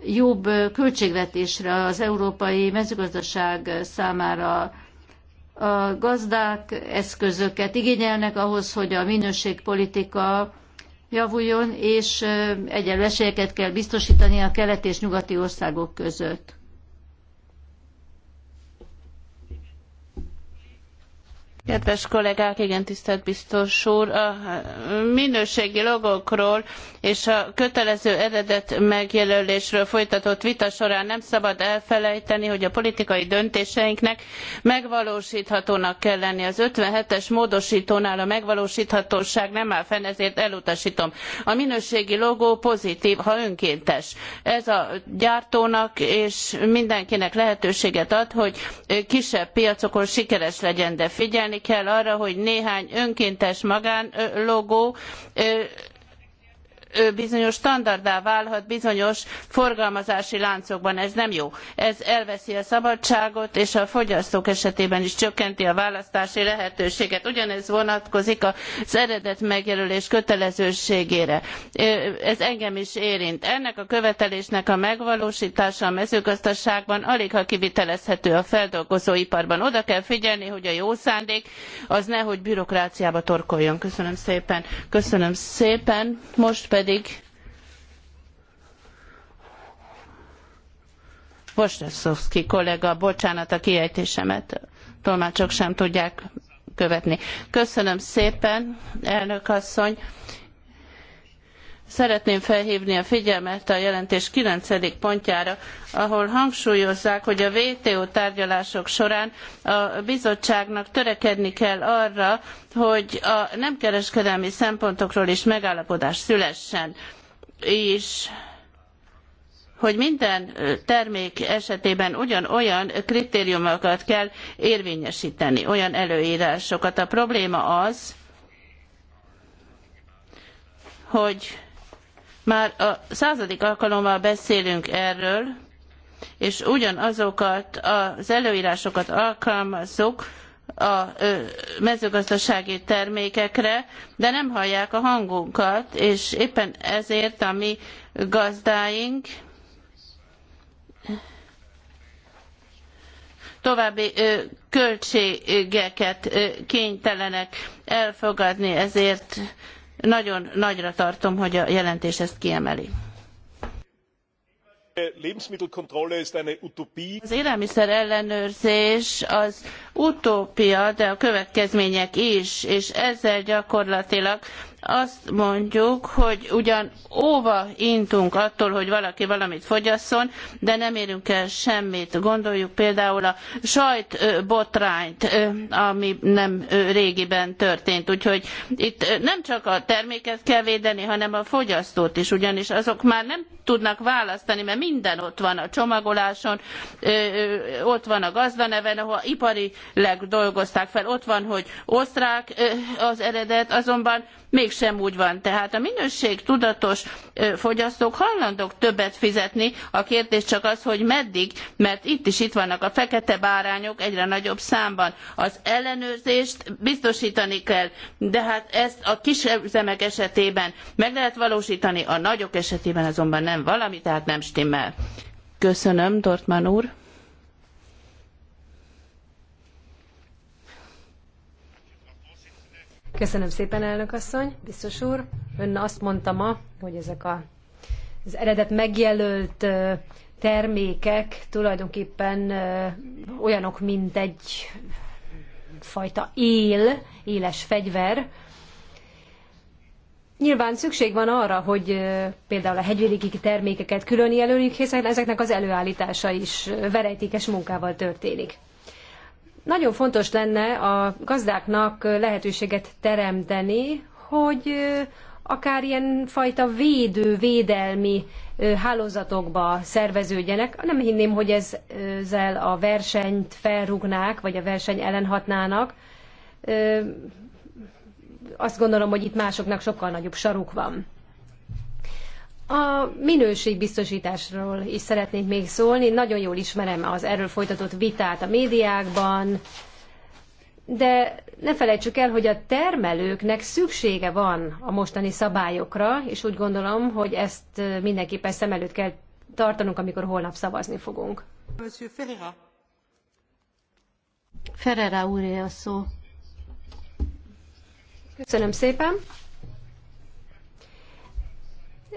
jobb költségvetésre az európai mezőgazdaság számára. A gazdák eszközöket igényelnek ahhoz, hogy a minőségpolitika javuljon, és egyenlő esélyeket kell biztosítani a keleti és nyugati országok között. Kedves kollégák, igen, tisztelt biztos úr, a minőségi logokról és a kötelező eredet megjelölésről folytatott vita során nem szabad elfelejteni, hogy a politikai döntéseinknek megvalósíthatónak kell lenni. Az 57-es módosítónál a megvalósíthatóság nem áll fenn, ezért elutasítom. A minőségi logó pozitív, ha önkéntes. Ez a gyártónak és mindenkinek lehetőséget ad, hogy kisebb piacokon sikeres legyen, de figyelni kell arra, hogy néhány önkéntes magánlogó bizonyos standarddá válhat bizonyos forgalmazási láncokban. Ez nem jó. Ez elveszi a szabadságot, és a fogyasztók esetében is csökkenti a választási lehetőséget. Ugyanez vonatkozik az eredet megjelölés kötelezőségére. Ez engem is érint. Ennek a követelésnek a megvalósítása a mezőgazdaságban alig ha kivitelezhető a feldolgozóiparban. Oda kell figyelni, hogy a jó szándék az nehogy bürokráciába torkoljon. Köszönöm szépen. Köszönöm szépen. Most pedig Bosnyaszowski kollega, bocsánat a kiejtésemet, tolmácsok sem tudják követni. Köszönöm szépen, elnök asszony. Szeretném felhívni a figyelmet a jelentés 9. pontjára, ahol hangsúlyozzák, hogy a WTO tárgyalások során a bizottságnak törekedni kell arra, hogy a nem kereskedelmi szempontokról is megállapodás szülessen, és hogy minden termék esetében ugyanolyan kritériumokat kell érvényesíteni, olyan előírásokat. A probléma az, hogy már a századik alkalommal beszélünk erről, és ugyanazokat az előírásokat alkalmazzuk, a mezőgazdasági termékekre, de nem hallják a hangunkat, és éppen ezért a mi gazdáink további költségeket kénytelenek elfogadni, ezért nagyon nagyra tartom, hogy a jelentés ezt kiemeli. Az élelmiszer ellenőrzés az utópia, de a következmények is, és ezzel gyakorlatilag azt mondjuk, hogy ugyan óva intunk attól, hogy valaki valamit fogyasszon, de nem érünk el semmit. Gondoljuk például a sajtbotrányt, ami nem régiben történt. Úgyhogy itt nem csak a terméket kell védeni, hanem a fogyasztót is, ugyanis azok már nem tudnak választani, mert minden ott van a csomagoláson, ott van a gazdaneven, ahol iparileg dolgozták fel, ott van, hogy osztrák az eredet, azonban még mégsem úgy van. Tehát a minőség tudatos fogyasztók hajlandók többet fizetni, a kérdés csak az, hogy meddig, mert itt is itt vannak a fekete bárányok egyre nagyobb számban. Az ellenőrzést biztosítani kell, de hát ezt a kis üzemek esetében meg lehet valósítani, a nagyok esetében azonban nem valami, tehát nem stimmel. Köszönöm, Dortman úr. Köszönöm szépen, elnök asszony, biztos úr. Ön azt mondta ma, hogy ezek a, az eredet megjelölt termékek tulajdonképpen olyanok, mint egy fajta él, éles fegyver. Nyilván szükség van arra, hogy például a hegyvidéki termékeket külön jelöljük, hiszen ezeknek az előállítása is verejtékes munkával történik. Nagyon fontos lenne a gazdáknak lehetőséget teremteni, hogy akár ilyen fajta védő, védelmi hálózatokba szerveződjenek. Nem hinném, hogy ezzel a versenyt felrugnák, vagy a verseny ellen hatnának. Azt gondolom, hogy itt másoknak sokkal nagyobb saruk van. A minőségbiztosításról is szeretnék még szólni. Nagyon jól ismerem az erről folytatott vitát a médiákban, de ne felejtsük el, hogy a termelőknek szüksége van a mostani szabályokra, és úgy gondolom, hogy ezt mindenképpen szem előtt kell tartanunk, amikor holnap szavazni fogunk. Monsieur Ferreira. Ferreira úr, a szó. Köszönöm szépen.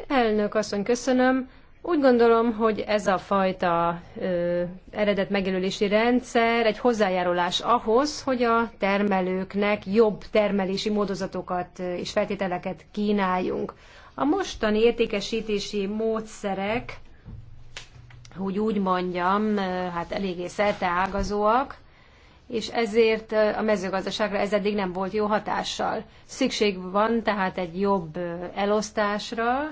Elnök asszony, köszönöm. Úgy gondolom, hogy ez a fajta ö, eredet megjelölési rendszer egy hozzájárulás ahhoz, hogy a termelőknek jobb termelési módozatokat és feltételeket kínáljunk. A mostani értékesítési módszerek, hogy úgy mondjam, hát eléggé szerteágazóak, és ezért a mezőgazdaságra ez eddig nem volt jó hatással. Szükség van tehát egy jobb elosztásra,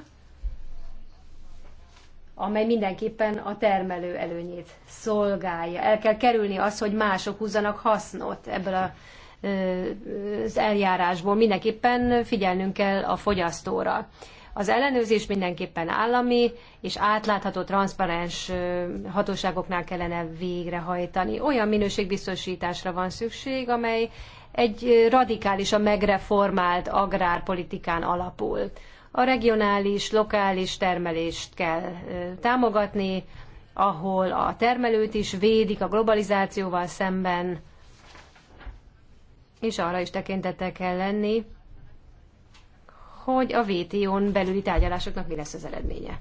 amely mindenképpen a termelő előnyét szolgálja. El kell kerülni az, hogy mások húzzanak hasznot ebből a, az eljárásból. Mindenképpen figyelnünk kell a fogyasztóra. Az ellenőrzés mindenképpen állami és átlátható, transzparens hatóságoknál kellene végrehajtani. Olyan minőségbiztosításra van szükség, amely egy radikálisan megreformált agrárpolitikán alapul. A regionális, lokális termelést kell támogatni, ahol a termelőt is védik a globalizációval szemben, és arra is tekintettel kell lenni, hogy a WTO-n belüli tárgyalásoknak mi lesz az eredménye.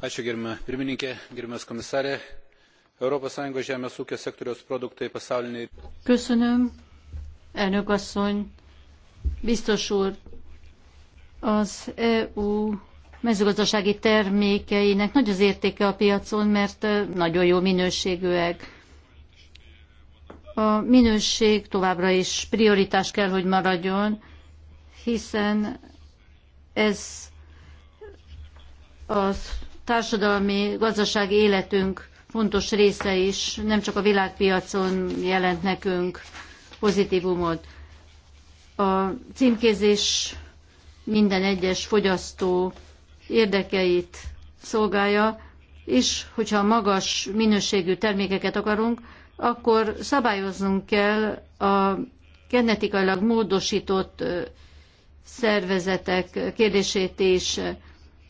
Köszönöm, elnök asszony, biztos úr. Az EU mezőgazdasági termékeinek nagy az értéke a piacon, mert nagyon jó minőségűek. A minőség továbbra is prioritás kell, hogy maradjon, hiszen ez a társadalmi, gazdasági életünk fontos része is, nem csak a világpiacon jelent nekünk pozitívumot. A címkézés minden egyes fogyasztó érdekeit szolgálja, és hogyha magas minőségű termékeket akarunk, akkor szabályoznunk kell a genetikailag módosított szervezetek kérdését is,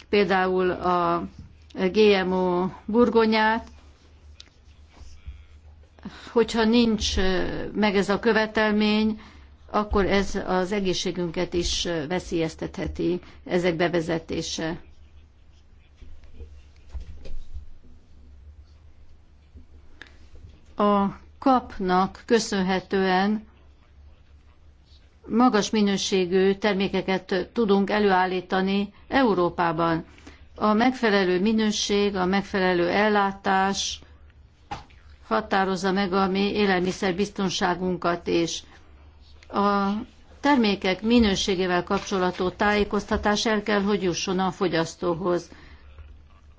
például a GMO burgonyát, hogyha nincs meg ez a követelmény, akkor ez az egészségünket is veszélyeztetheti ezek bevezetése. A kapnak köszönhetően magas minőségű termékeket tudunk előállítani Európában. A megfelelő minőség, a megfelelő ellátás határozza meg a mi élelmiszerbiztonságunkat és a termékek minőségével kapcsolatos tájékoztatás el kell, hogy jusson a fogyasztóhoz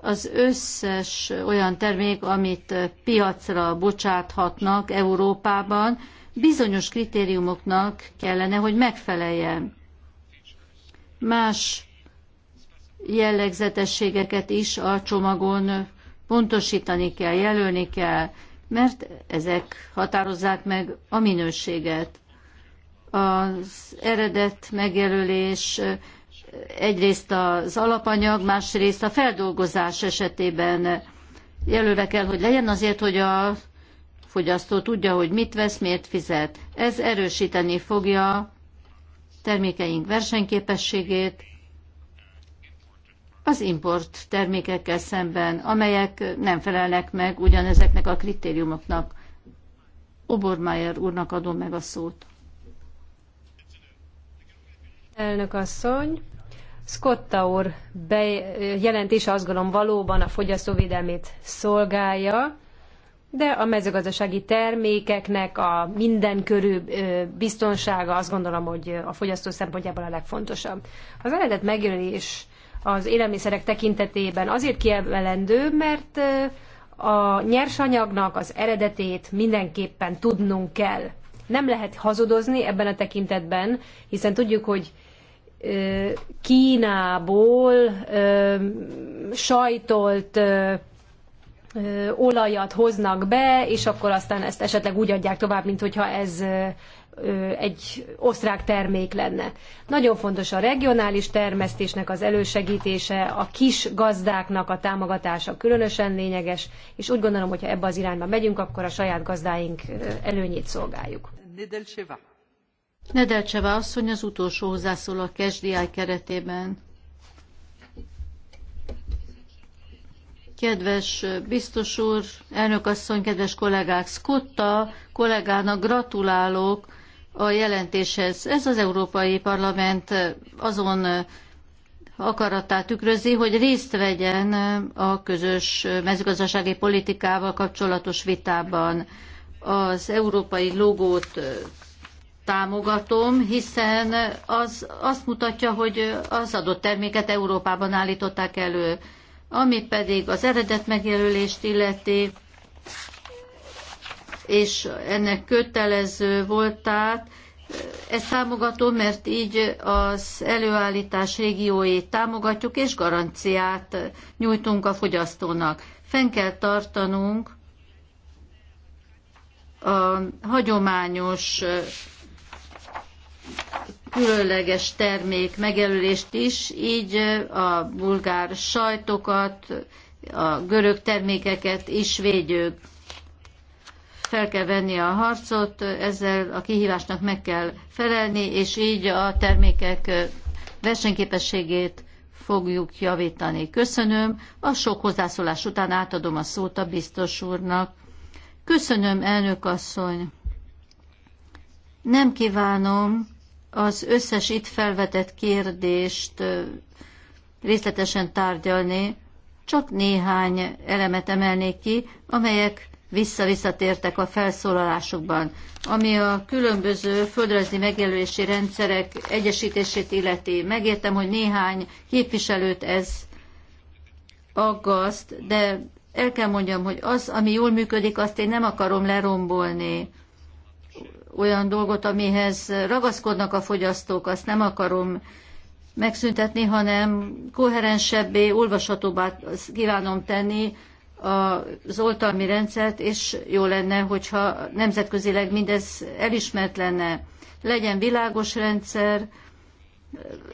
az összes olyan termék, amit piacra bocsáthatnak Európában, bizonyos kritériumoknak kellene, hogy megfeleljen. Más jellegzetességeket is a csomagon pontosítani kell, jelölni kell, mert ezek határozzák meg a minőséget. Az eredet megjelölés, egyrészt az alapanyag, másrészt a feldolgozás esetében jelölve kell, hogy legyen azért, hogy a fogyasztó tudja, hogy mit vesz, miért fizet. Ez erősíteni fogja termékeink versenyképességét az import termékekkel szemben, amelyek nem felelnek meg ugyanezeknek a kritériumoknak. Obermeier úrnak adom meg a szót. Elnök asszony, Scotta úr jelentése azt gondolom valóban a fogyasztóvédelmét szolgálja, de a mezőgazdasági termékeknek a mindenkörű biztonsága azt gondolom, hogy a fogyasztó szempontjából a legfontosabb. Az eredet megjelölés az élelmiszerek tekintetében azért kiemelendő, mert a nyersanyagnak az eredetét mindenképpen tudnunk kell. Nem lehet hazudozni ebben a tekintetben, hiszen tudjuk, hogy Kínából sajtolt olajat hoznak be, és akkor aztán ezt esetleg úgy adják tovább, mint hogyha ez egy osztrák termék lenne. Nagyon fontos a regionális termesztésnek az elősegítése, a kis gazdáknak a támogatása különösen lényeges, és úgy gondolom, hogy ha ebbe az irányba megyünk, akkor a saját gazdáink előnyét szolgáljuk. Nedelcseva asszony az utolsó hozzászól a kesdiáj keretében. Kedves biztos úr, elnök asszony, kedves kollégák, Scotta kollégának gratulálok a jelentéshez. Ez az Európai Parlament azon akaratát tükrözi, hogy részt vegyen a közös mezőgazdasági politikával kapcsolatos vitában. Az európai logót támogatom, hiszen az azt mutatja, hogy az adott terméket Európában állították elő. Ami pedig az eredet megjelölést illeti, és ennek kötelező voltát, ezt támogatom, mert így az előállítás régióit támogatjuk, és garanciát nyújtunk a fogyasztónak. Fenn kell tartanunk a hagyományos különleges termék megjelölést is, így a bulgár sajtokat, a görög termékeket is védjük. Fel kell venni a harcot, ezzel a kihívásnak meg kell felelni, és így a termékek versenyképességét fogjuk javítani. Köszönöm. A sok hozzászólás után átadom a szót a biztos úrnak. Köszönöm, elnök asszony. Nem kívánom, az összes itt felvetett kérdést részletesen tárgyalni, csak néhány elemet emelnék ki, amelyek vissza-visszatértek a felszólalásokban. Ami a különböző földrajzi megjelölési rendszerek egyesítését illeti, megértem, hogy néhány képviselőt ez aggaszt, de el kell mondjam, hogy az, ami jól működik, azt én nem akarom lerombolni olyan dolgot, amihez ragaszkodnak a fogyasztók, azt nem akarom megszüntetni, hanem koherensebbé, olvashatóbbá kívánom tenni az oltalmi rendszert, és jó lenne, hogyha nemzetközileg mindez elismert lenne. Legyen világos rendszer,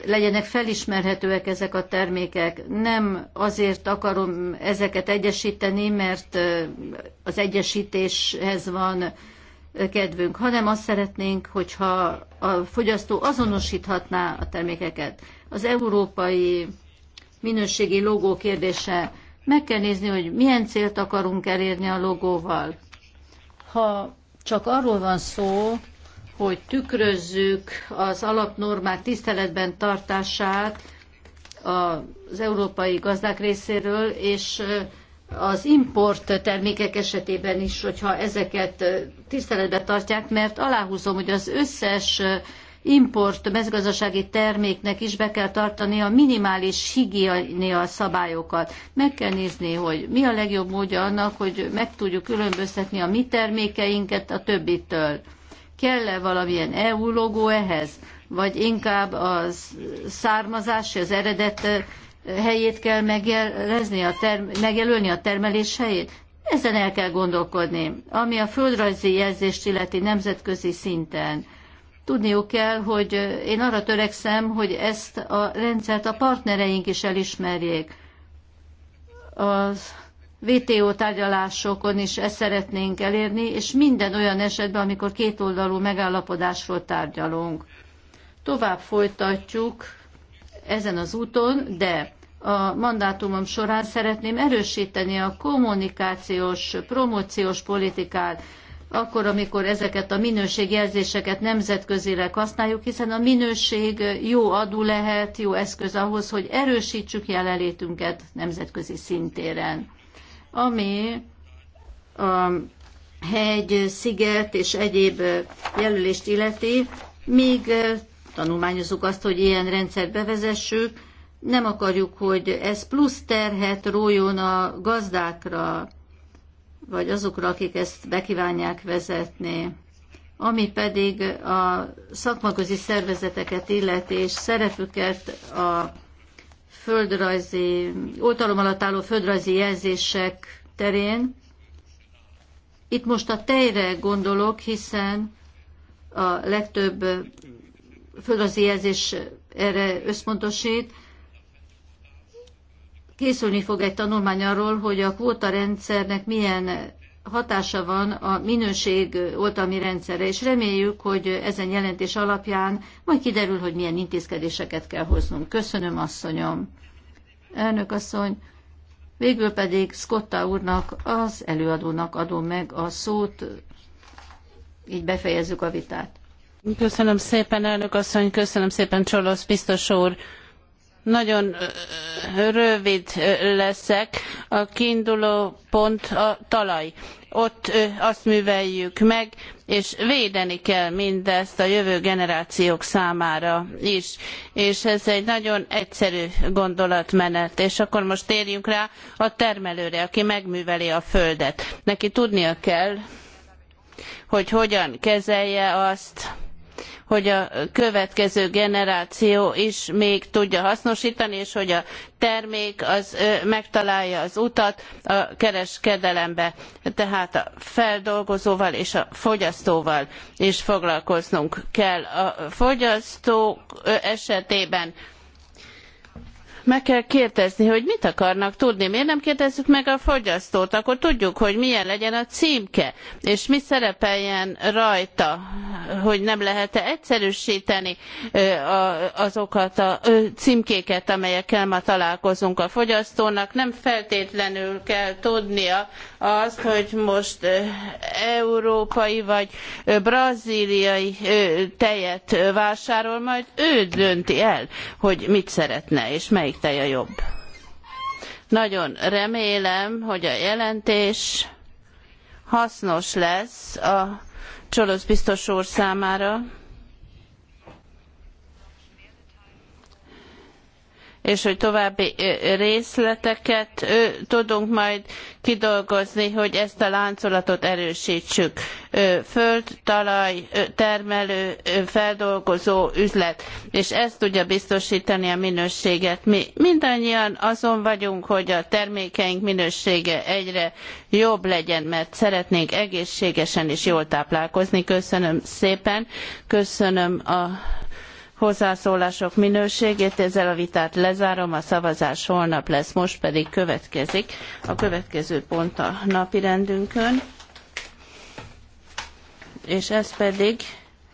legyenek felismerhetőek ezek a termékek. Nem azért akarom ezeket egyesíteni, mert az egyesítéshez van kedvünk, hanem azt szeretnénk, hogyha a fogyasztó azonosíthatná a termékeket. Az európai minőségi logó kérdése. Meg kell nézni, hogy milyen célt akarunk elérni a logóval. Ha csak arról van szó, hogy tükrözzük az alapnormák tiszteletben tartását az európai gazdák részéről, és az import termékek esetében is, hogyha ezeket tiszteletbe tartják, mert aláhúzom, hogy az összes import mezgazdasági terméknek is be kell tartani a minimális higiénia szabályokat. Meg kell nézni, hogy mi a legjobb módja annak, hogy meg tudjuk különböztetni a mi termékeinket a többitől. Kell-e valamilyen EU logó ehhez? Vagy inkább a származás, az eredet helyét kell megjelezni, a term- megjelölni a termelés helyét? Ezen el kell gondolkodni. Ami a földrajzi jelzést illeti nemzetközi szinten, tudniuk kell, hogy én arra törekszem, hogy ezt a rendszert a partnereink is elismerjék. Az VTO tárgyalásokon is ezt szeretnénk elérni, és minden olyan esetben, amikor kétoldalú megállapodásról tárgyalunk. Tovább folytatjuk ezen az úton, de a mandátumom során szeretném erősíteni a kommunikációs, promóciós politikát, akkor, amikor ezeket a minőségjelzéseket nemzetközileg használjuk, hiszen a minőség jó adó lehet, jó eszköz ahhoz, hogy erősítsük jelenlétünket nemzetközi szintéren. Ami a hegy, sziget és egyéb jelölést illeti, még tanulmányozzuk azt, hogy ilyen rendszert bevezessük. Nem akarjuk, hogy ez plusz terhet rójon a gazdákra, vagy azokra, akik ezt bekívánják vezetni. Ami pedig a szakmaközi szervezeteket illeti, és szerepüket a földrajzi, oltalom alatt álló földrajzi jelzések terén. Itt most a tejre gondolok, hiszen a legtöbb földrajzi jelzés erre összpontosít, készülni fog egy tanulmány arról, hogy a rendszernek milyen hatása van a minőség oltalmi rendszerre, és reméljük, hogy ezen jelentés alapján majd kiderül, hogy milyen intézkedéseket kell hoznunk. Köszönöm, asszonyom. Elnök asszony, végül pedig Scotta úrnak, az előadónak adom meg a szót, így befejezzük a vitát. Köszönöm szépen, elnök asszony, köszönöm szépen, Csolosz biztos úr. Nagyon rövid leszek. A kiinduló pont a talaj. Ott azt műveljük meg, és védeni kell mindezt a jövő generációk számára is. És ez egy nagyon egyszerű gondolatmenet. És akkor most térjünk rá a termelőre, aki megműveli a földet. Neki tudnia kell, hogy hogyan kezelje azt, hogy a következő generáció is még tudja hasznosítani, és hogy a termék az megtalálja az utat a kereskedelembe. Tehát a feldolgozóval és a fogyasztóval is foglalkoznunk kell. A fogyasztók esetében meg kell kérdezni, hogy mit akarnak tudni. Miért nem kérdezzük meg a fogyasztót? Akkor tudjuk, hogy milyen legyen a címke, és mi szerepeljen rajta, hogy nem lehet-e egyszerűsíteni azokat a címkéket, amelyekkel ma találkozunk a fogyasztónak. Nem feltétlenül kell tudnia azt, hogy most európai vagy brazíliai tejet vásárol, majd ő dönti el, hogy mit szeretne és melyik még jobb. Nagyon remélem, hogy a jelentés hasznos lesz a Csolosz biztos úr számára, és hogy további részleteket tudunk majd kidolgozni, hogy ezt a láncolatot erősítsük. Föld, talaj, termelő, feldolgozó üzlet, és ezt tudja biztosítani a minőséget. Mi mindannyian azon vagyunk, hogy a termékeink minősége egyre jobb legyen, mert szeretnénk egészségesen és jól táplálkozni. Köszönöm szépen, köszönöm a hozzászólások minőségét. Ezzel a vitát lezárom, a szavazás holnap lesz, most pedig következik a következő pont a napirendünkön. És ez pedig